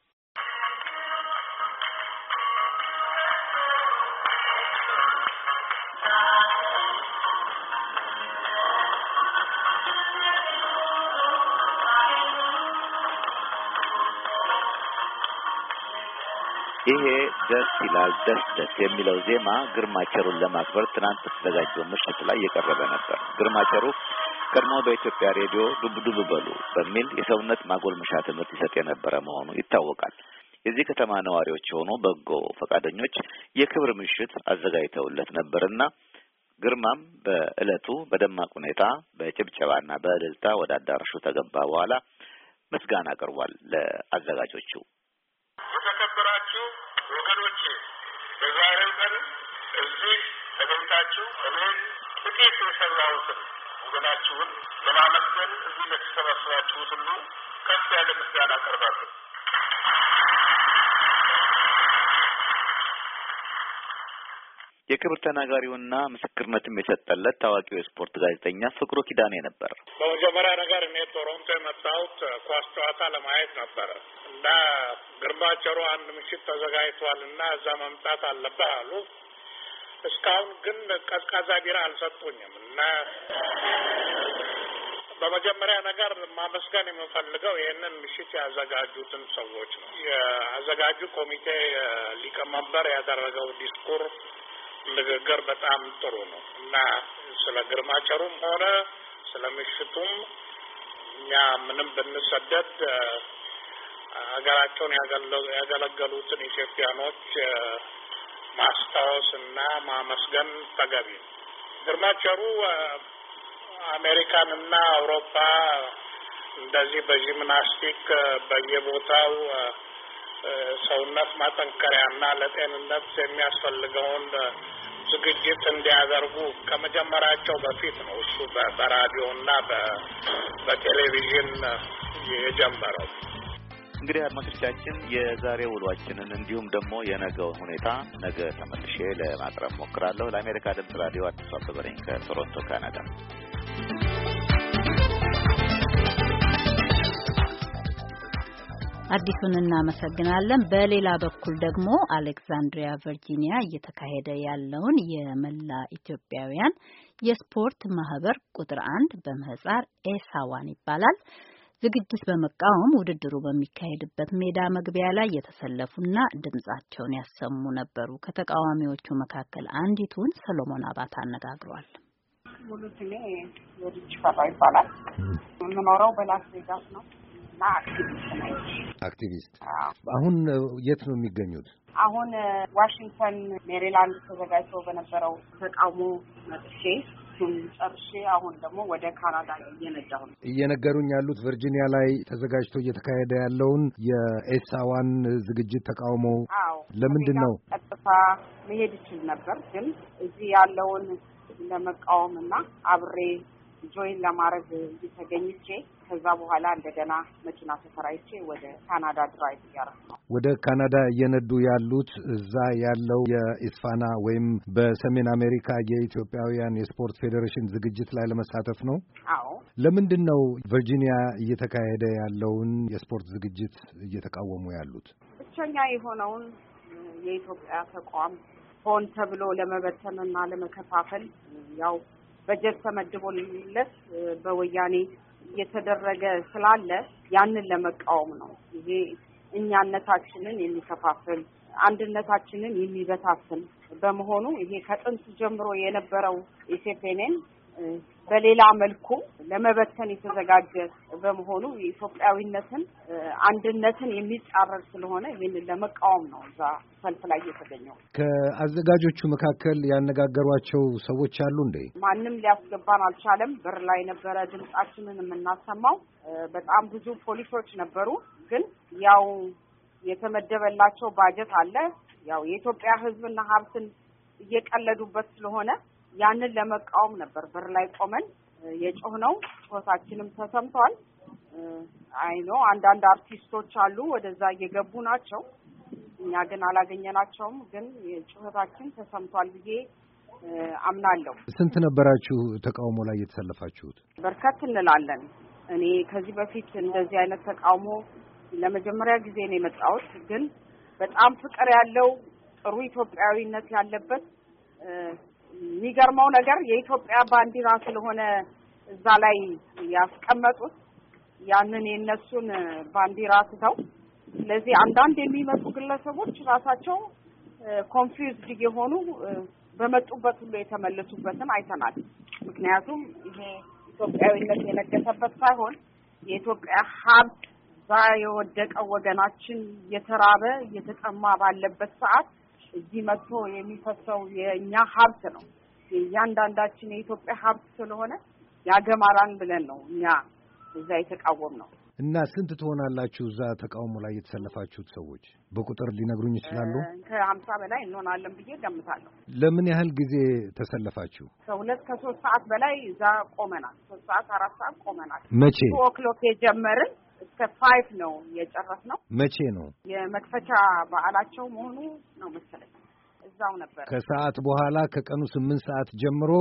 ደስ ይላል ደስ ደስ የሚለው ዜማ ግርማቸሩን ለማክበር ትናንት በተዘጋጀው ምሽት ላይ የቀረበ ነበር። ግርማቸሩ ቀድሞ በኢትዮጵያ ሬዲዮ ዱብዱብ በሉ በሚል የሰውነት ማጎልመሻ ትምህርት ይሰጥ የነበረ መሆኑ ይታወቃል። የዚህ ከተማ ነዋሪዎች የሆኑ በጎ ፈቃደኞች የክብር ምሽት አዘጋጅተውለት ነበርና ግርማም በእለቱ በደማቅ ሁኔታ በጭብጨባና በእልልታ ወደ አዳራሹ ከገባ በኋላ ምስጋና አቅርቧል ለአዘጋጆቹ። ለተሰባሰባችሁት ሁሉ ከፍ ያለ ምስጋና አቀርባለሁ። የክብር ተናጋሪውና ምስክርነትም የሰጠለት ታዋቂው የስፖርት ጋዜጠኛ ፍቅሩ ኪዳኔ ነበር። በመጀመሪያ ነገር እኔ ቶሮንቶ የመጣሁት ኳስ ጨዋታ ለማየት ነበረ እና ግርባቸሩ አንድ ምሽት ተዘጋጅቷል እና እዛ መምጣት አለብህ አሉ። እስካሁን ግን ቀዝቃዛ ቢራ አልሰጡኝም እና በመጀመሪያ ነገር ማመስገን የምንፈልገው ይህንን ምሽት ያዘጋጁትን ሰዎች ነው። የአዘጋጁ ኮሚቴ ሊቀመንበር ያደረገው ዲስኩር ንግግር በጣም ጥሩ ነው እና ስለ ግርማቸሩም ሆነ ስለ ምሽቱም እኛ ምንም ብንሰደድ ሀገራቸውን ያገለገሉትን ኢትዮጵያኖች ማስታወስ እና ማመስገን ተገቢ ነው። ግርማቸሩ አሜሪካን እና አውሮፓ እንደዚህ በጂምናስቲክ በየቦታው ሰውነት ማጠንከሪያና ለጤንነት የሚያስፈልገውን ዝግጅት እንዲያደርጉ ከመጀመራቸው በፊት ነው እሱ በራዲዮና በቴሌቪዥን የጀመረው። እንግዲህ አድማጮቻችን የዛሬ ውሏችንን እንዲሁም ደግሞ የነገውን ሁኔታ ነገ ተመልሼ ለማቅረብ ሞክራለሁ። ለአሜሪካ ድምፅ ራዲዮ አዲሱ አበበ ነኝ ከቶሮንቶ ካናዳ። አዲሱን እናመሰግናለን። በሌላ በኩል ደግሞ አሌክዛንድሪያ ቨርጂኒያ እየተካሄደ ያለውን የመላ ኢትዮጵያውያን የስፖርት ማህበር ቁጥር አንድ በምህጻር ኤሳዋን ይባላል ዝግጅት በመቃወም ውድድሩ በሚካሄድበት ሜዳ መግቢያ ላይ የተሰለፉና ድምጻቸውን ያሰሙ ነበሩ። ከተቃዋሚዎቹ መካከል አንዲቱን ሰሎሞን አባት አነጋግሯል። ሙሉ ስሜ ወዲች ፈራ ይባላል። የምኖረው በላስ ቬጋስ ነው። እና አክቲቪስት ነኝ። አክቲቪስት አሁን የት ነው የሚገኙት? አሁን ዋሽንግተን ሜሪላንድ ተዘጋጅቶ በነበረው ተቃውሞ መጥቼ እሱን ጨርሼ አሁን ደግሞ ወደ ካናዳ እየነዳሁ ነው። እየነገሩኝ ያሉት ቨርጂኒያ ላይ ተዘጋጅቶ እየተካሄደ ያለውን የኤሳዋን ዝግጅት ተቃውሞ ለምንድን ነው? ቀጥታ መሄድ ይችል ነበር፣ ግን እዚህ ያለውን ለመቃወም እና አብሬ ጆይን ለማድረግ እዚህ ተገኝቼ ከዛ በኋላ እንደገና መኪና ተከራይቼ ወደ ካናዳ ድራይቭ እያደረኩ ነው። ወደ ካናዳ እየነዱ ያሉት እዛ ያለው የኢስፋና ወይም በሰሜን አሜሪካ የኢትዮጵያውያን የስፖርት ፌዴሬሽን ዝግጅት ላይ ለመሳተፍ ነው። አዎ። ለምንድን ነው ቨርጂኒያ እየተካሄደ ያለውን የስፖርት ዝግጅት እየተቃወሙ ያሉት? ብቸኛ የሆነውን የኢትዮጵያ ተቋም ሆን ተብሎ ለመበተንና ለመከፋፈል ያው በጀት ተመድቦለት በወያኔ እየተደረገ ስላለ ያንን ለመቃወም ነው። ይሄ እኛነታችንን የሚከፋፍል አንድነታችንን የሚበታትን በመሆኑ ይሄ ከጥንት ጀምሮ የነበረው ኢሴፔኔን በሌላ መልኩ ለመበተን የተዘጋጀ በመሆኑ የኢትዮጵያዊነትን አንድነትን የሚጻረር ስለሆነ ይህንን ለመቃወም ነው እዛ ሰልፍ ላይ የተገኘው። ከአዘጋጆቹ መካከል ያነጋገሯቸው ሰዎች አሉ እንዴ? ማንም ሊያስገባን አልቻለም። በር ላይ ነበረ ድምጻችንን የምናሰማው። በጣም ብዙ ፖሊሶች ነበሩ። ግን ያው የተመደበላቸው ባጀት አለ። ያው የኢትዮጵያ ሕዝብና ሀብትን እየቀለዱበት ስለሆነ ያንን ለመቃወም ነበር በር ላይ ቆመን የጮህ ነው። ጩኸታችንም ተሰምቷል። አይ ነው አንዳንድ አርቲስቶች አሉ ወደዛ እየገቡ ናቸው። እኛ ግን አላገኘናቸውም። ግን የጩኸታችን ተሰምቷል ብዬ አምናለሁ። ስንት ነበራችሁ ተቃውሞ ላይ የተሰለፋችሁት? በርከት እንላለን። እኔ ከዚህ በፊት እንደዚህ አይነት ተቃውሞ ለመጀመሪያ ጊዜ ነው የመጣሁት። ግን በጣም ፍቅር ያለው ጥሩ ኢትዮጵያዊነት ያለበት የሚገርመው ነገር የኢትዮጵያ ባንዲራ ስለሆነ እዛ ላይ ያስቀመጡት ያንን የነሱን ባንዲራ ትተው፣ ስለዚህ አንዳንድ የሚመጡ ግለሰቦች ራሳቸው ኮንፊውዝድ የሆኑ በመጡበት ሁሉ የተመለሱበትን አይተናል። ምክንያቱም ይሄ ኢትዮጵያዊነት የነገሰበት ሳይሆን የኢትዮጵያ ሀብት እዛ የወደቀ ወገናችን እየተራበ እየተጠማ ባለበት ሰዓት እዚህ መጥቶ የሚፈሰው የእኛ ሀብት ነው። የእያንዳንዳችን የኢትዮጵያ ሀብት ስለሆነ ያገማራን ብለን ነው እኛ እዛ የተቃወም ነው። እና ስንት ትሆናላችሁ እዛ ተቃውሞ ላይ የተሰለፋችሁት ሰዎች በቁጥር ሊነግሩኝ ይችላሉ? ከሀምሳ በላይ እንሆናለን ብዬ ገምታለሁ። ለምን ያህል ጊዜ ተሰለፋችሁ? ከሁለት ከሶስት ሰዓት በላይ እዛ ቆመናል። ሶስት ሰዓት አራት ሰዓት ቆመናል። መቼ ኦክሎክ የጀመርን እስከ ፋይቭ ነው የጨረስ ነው። መቼ ነው የመክፈቻ በዓላቸው መሆኑ ነው መሰለኝ። እዛው ነበር ከሰዓት በኋላ ከቀኑ ስምንት ሰዓት ጀምሮ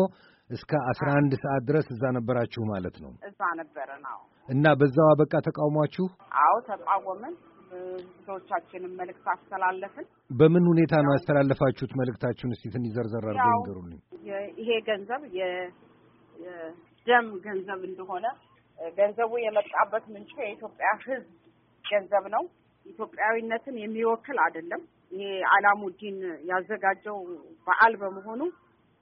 እስከ አስራ አንድ ሰዓት ድረስ እዛ ነበራችሁ ማለት ነው? እዛ ነበረ ነው። እና በዛው አበቃ ተቃውሟችሁ? አዎ ተቃወምን። ብዙዎቻችንም መልእክት አስተላለፍን። በምን ሁኔታ ነው ያስተላለፋችሁት መልእክታችሁን? እስቲ ትንሽ ዘርዘር አድርገው ይንገሩልኝ። ይሄ ገንዘብ የደም ገንዘብ እንደሆነ ገንዘቡ የመጣበት ምንጩ የኢትዮጵያ ሕዝብ ገንዘብ ነው። ኢትዮጵያዊነትን የሚወክል አይደለም። ይሄ አላሙዲን ያዘጋጀው በዓል በመሆኑ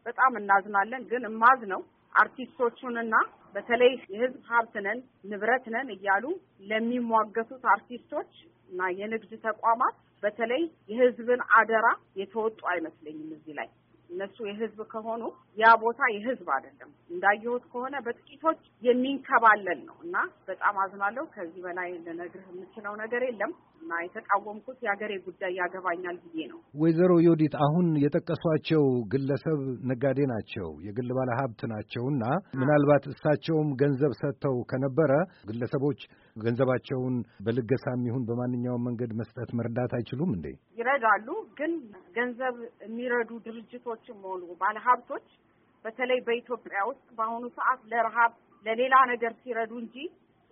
በጣም እናዝናለን። ግን እማዝ ነው አርቲስቶቹንና በተለይ የህዝብ ሀብት ነን ንብረት ነን እያሉ ለሚሟገቱት አርቲስቶች እና የንግድ ተቋማት በተለይ የህዝብን አደራ የተወጡ አይመስለኝም እዚህ ላይ እነሱ የህዝብ ከሆኑ ያ ቦታ የህዝብ አይደለም። እንዳየሁት ከሆነ በጥቂቶች የሚንከባለል ነው እና በጣም አዝናለሁ። ከዚህ በላይ ልነግርህ የምችለው ነገር የለም እና የተቃወምኩት የሀገሬ ጉዳይ ያገባኛል ብዬ ነው። ወይዘሮ ዮዲት አሁን የጠቀሷቸው ግለሰብ ነጋዴ ናቸው፣ የግል ባለ ሀብት ናቸው እና ምናልባት እሳቸውም ገንዘብ ሰጥተው ከነበረ ግለሰቦች ገንዘባቸውን በልገሳም ይሁን በማንኛውም መንገድ መስጠት መርዳት አይችሉም እንዴ? ይረዳሉ። ግን ገንዘብ የሚረዱ ድርጅቶች ግለሰቦችም ሆኑ ባለሀብቶች በተለይ በኢትዮጵያ ውስጥ በአሁኑ ሰዓት ለረሀብ ለሌላ ነገር ሲረዱ እንጂ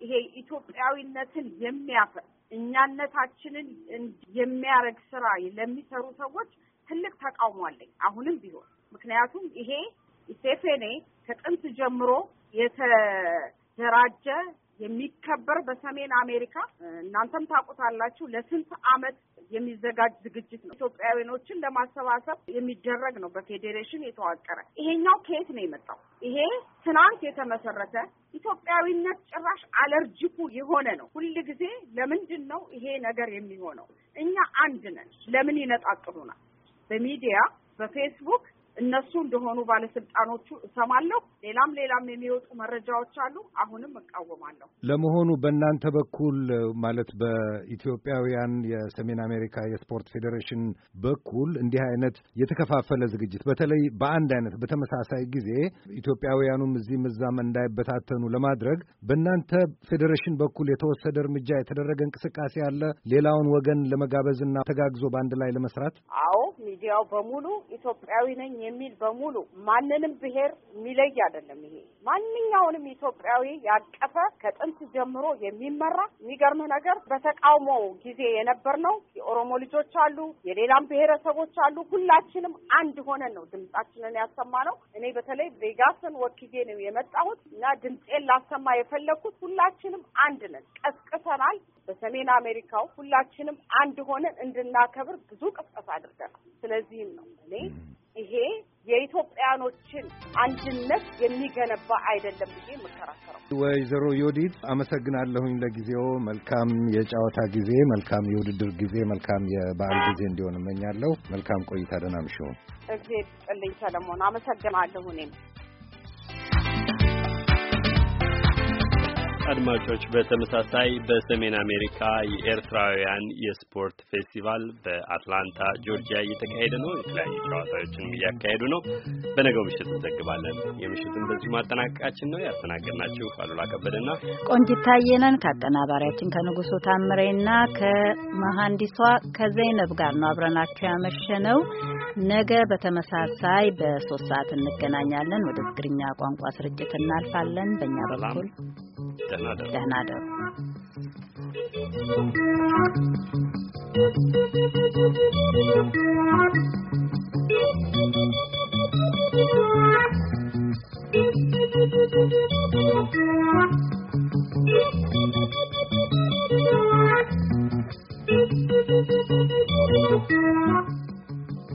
ይሄ ኢትዮጵያዊነትን የሚያፈር እኛነታችንን የሚያረግ ስራ ለሚሰሩ ሰዎች ትልቅ ተቃውሞ አለኝ አሁንም ቢሆን ምክንያቱም ይሄ ኢሴፌኔ ከጥንት ጀምሮ የተደራጀ የሚከበር በሰሜን አሜሪካ እናንተም ታውቁታላችሁ ለስንት አመት የሚዘጋጅ ዝግጅት ነው። ኢትዮጵያውያኖችን ለማሰባሰብ የሚደረግ ነው፣ በፌዴሬሽን የተዋቀረ። ይሄኛው ከየት ነው የመጣው? ይሄ ትናንት የተመሰረተ ኢትዮጵያዊነት ጭራሽ አለርጂኩ የሆነ ነው። ሁል ጊዜ ለምንድን ነው ይሄ ነገር የሚሆነው? እኛ አንድ ነን፣ ለምን ይነጣጥሉናል? በሚዲያ በፌስቡክ እነሱ እንደሆኑ ባለስልጣኖቹ እሰማለሁ። ሌላም ሌላም የሚወጡ መረጃዎች አሉ። አሁንም እቃወማለሁ። ለመሆኑ በእናንተ በኩል ማለት በኢትዮጵያውያን የሰሜን አሜሪካ የስፖርት ፌዴሬሽን በኩል እንዲህ አይነት የተከፋፈለ ዝግጅት በተለይ በአንድ አይነት በተመሳሳይ ጊዜ ኢትዮጵያውያኑም እዚህም እዛም እንዳይበታተኑ ለማድረግ በእናንተ ፌዴሬሽን በኩል የተወሰደ እርምጃ የተደረገ እንቅስቃሴ አለ? ሌላውን ወገን ለመጋበዝና ተጋግዞ በአንድ ላይ ለመስራት? አዎ ሚዲያው በሙሉ ኢትዮጵያዊ ነኝ የሚል በሙሉ ማንንም ብሔር የሚለይ አይደለም። ይሄ ማንኛውንም ኢትዮጵያዊ ያቀፈ ከጥንት ጀምሮ የሚመራ የሚገርም ነገር በተቃውሞ ጊዜ የነበር ነው። የኦሮሞ ልጆች አሉ፣ የሌላም ብሔረሰቦች አሉ። ሁላችንም አንድ ሆነን ነው ድምጻችንን ያሰማ ነው። እኔ በተለይ ቬጋስን ወክዬ ነው የመጣሁት እና ድምፄን ላሰማ የፈለግኩት ሁላችንም አንድ ነን። ቀስቅሰናል። በሰሜን አሜሪካው ሁላችንም አንድ ሆነን እንድናከብር ብዙ ቅስቀሳ አድርገናል። ስለዚህም ነው እኔ ይሄ የኢትዮጵያኖችን አንድነት የሚገነባ አይደለም ብዬ የምከራከረው። ወይዘሮ ዮዲት አመሰግናለሁኝ። ለጊዜው መልካም የጨዋታ ጊዜ፣ መልካም የውድድር ጊዜ፣ መልካም የበዓል ጊዜ እንዲሆን እመኛለሁ። መልካም ቆይታ። ደህና ምሽው። እግዜር ይስጥልኝ ሰለሞን። አመሰግናለሁ እኔም አድማጮች በተመሳሳይ በሰሜን አሜሪካ የኤርትራውያን የስፖርት ፌስቲቫል በአትላንታ ጆርጂያ እየተካሄደ ነው። የተለያዩ ጨዋታዎችን እያካሄዱ ነው። በነገው ምሽት እንዘግባለን። የምሽቱን በዚሁ ማጠናቀቃችን ነው። ያስተናገድናችሁ አሉላ ከበደና ቆንጂት ታየ ነን ከአቀናባሪያችን ከንጉሱ ታምሬና ከመሐንዲሷ ከዘይነብ ጋር ነው ያመሸ ነው። ነገ በተመሳሳይ በሶስት ሰዓት እንገናኛለን። ወደ ትግርኛ ቋንቋ ስርጭት እናልፋለን። በእኛ በኩል ደህና ደሩ። Thank you.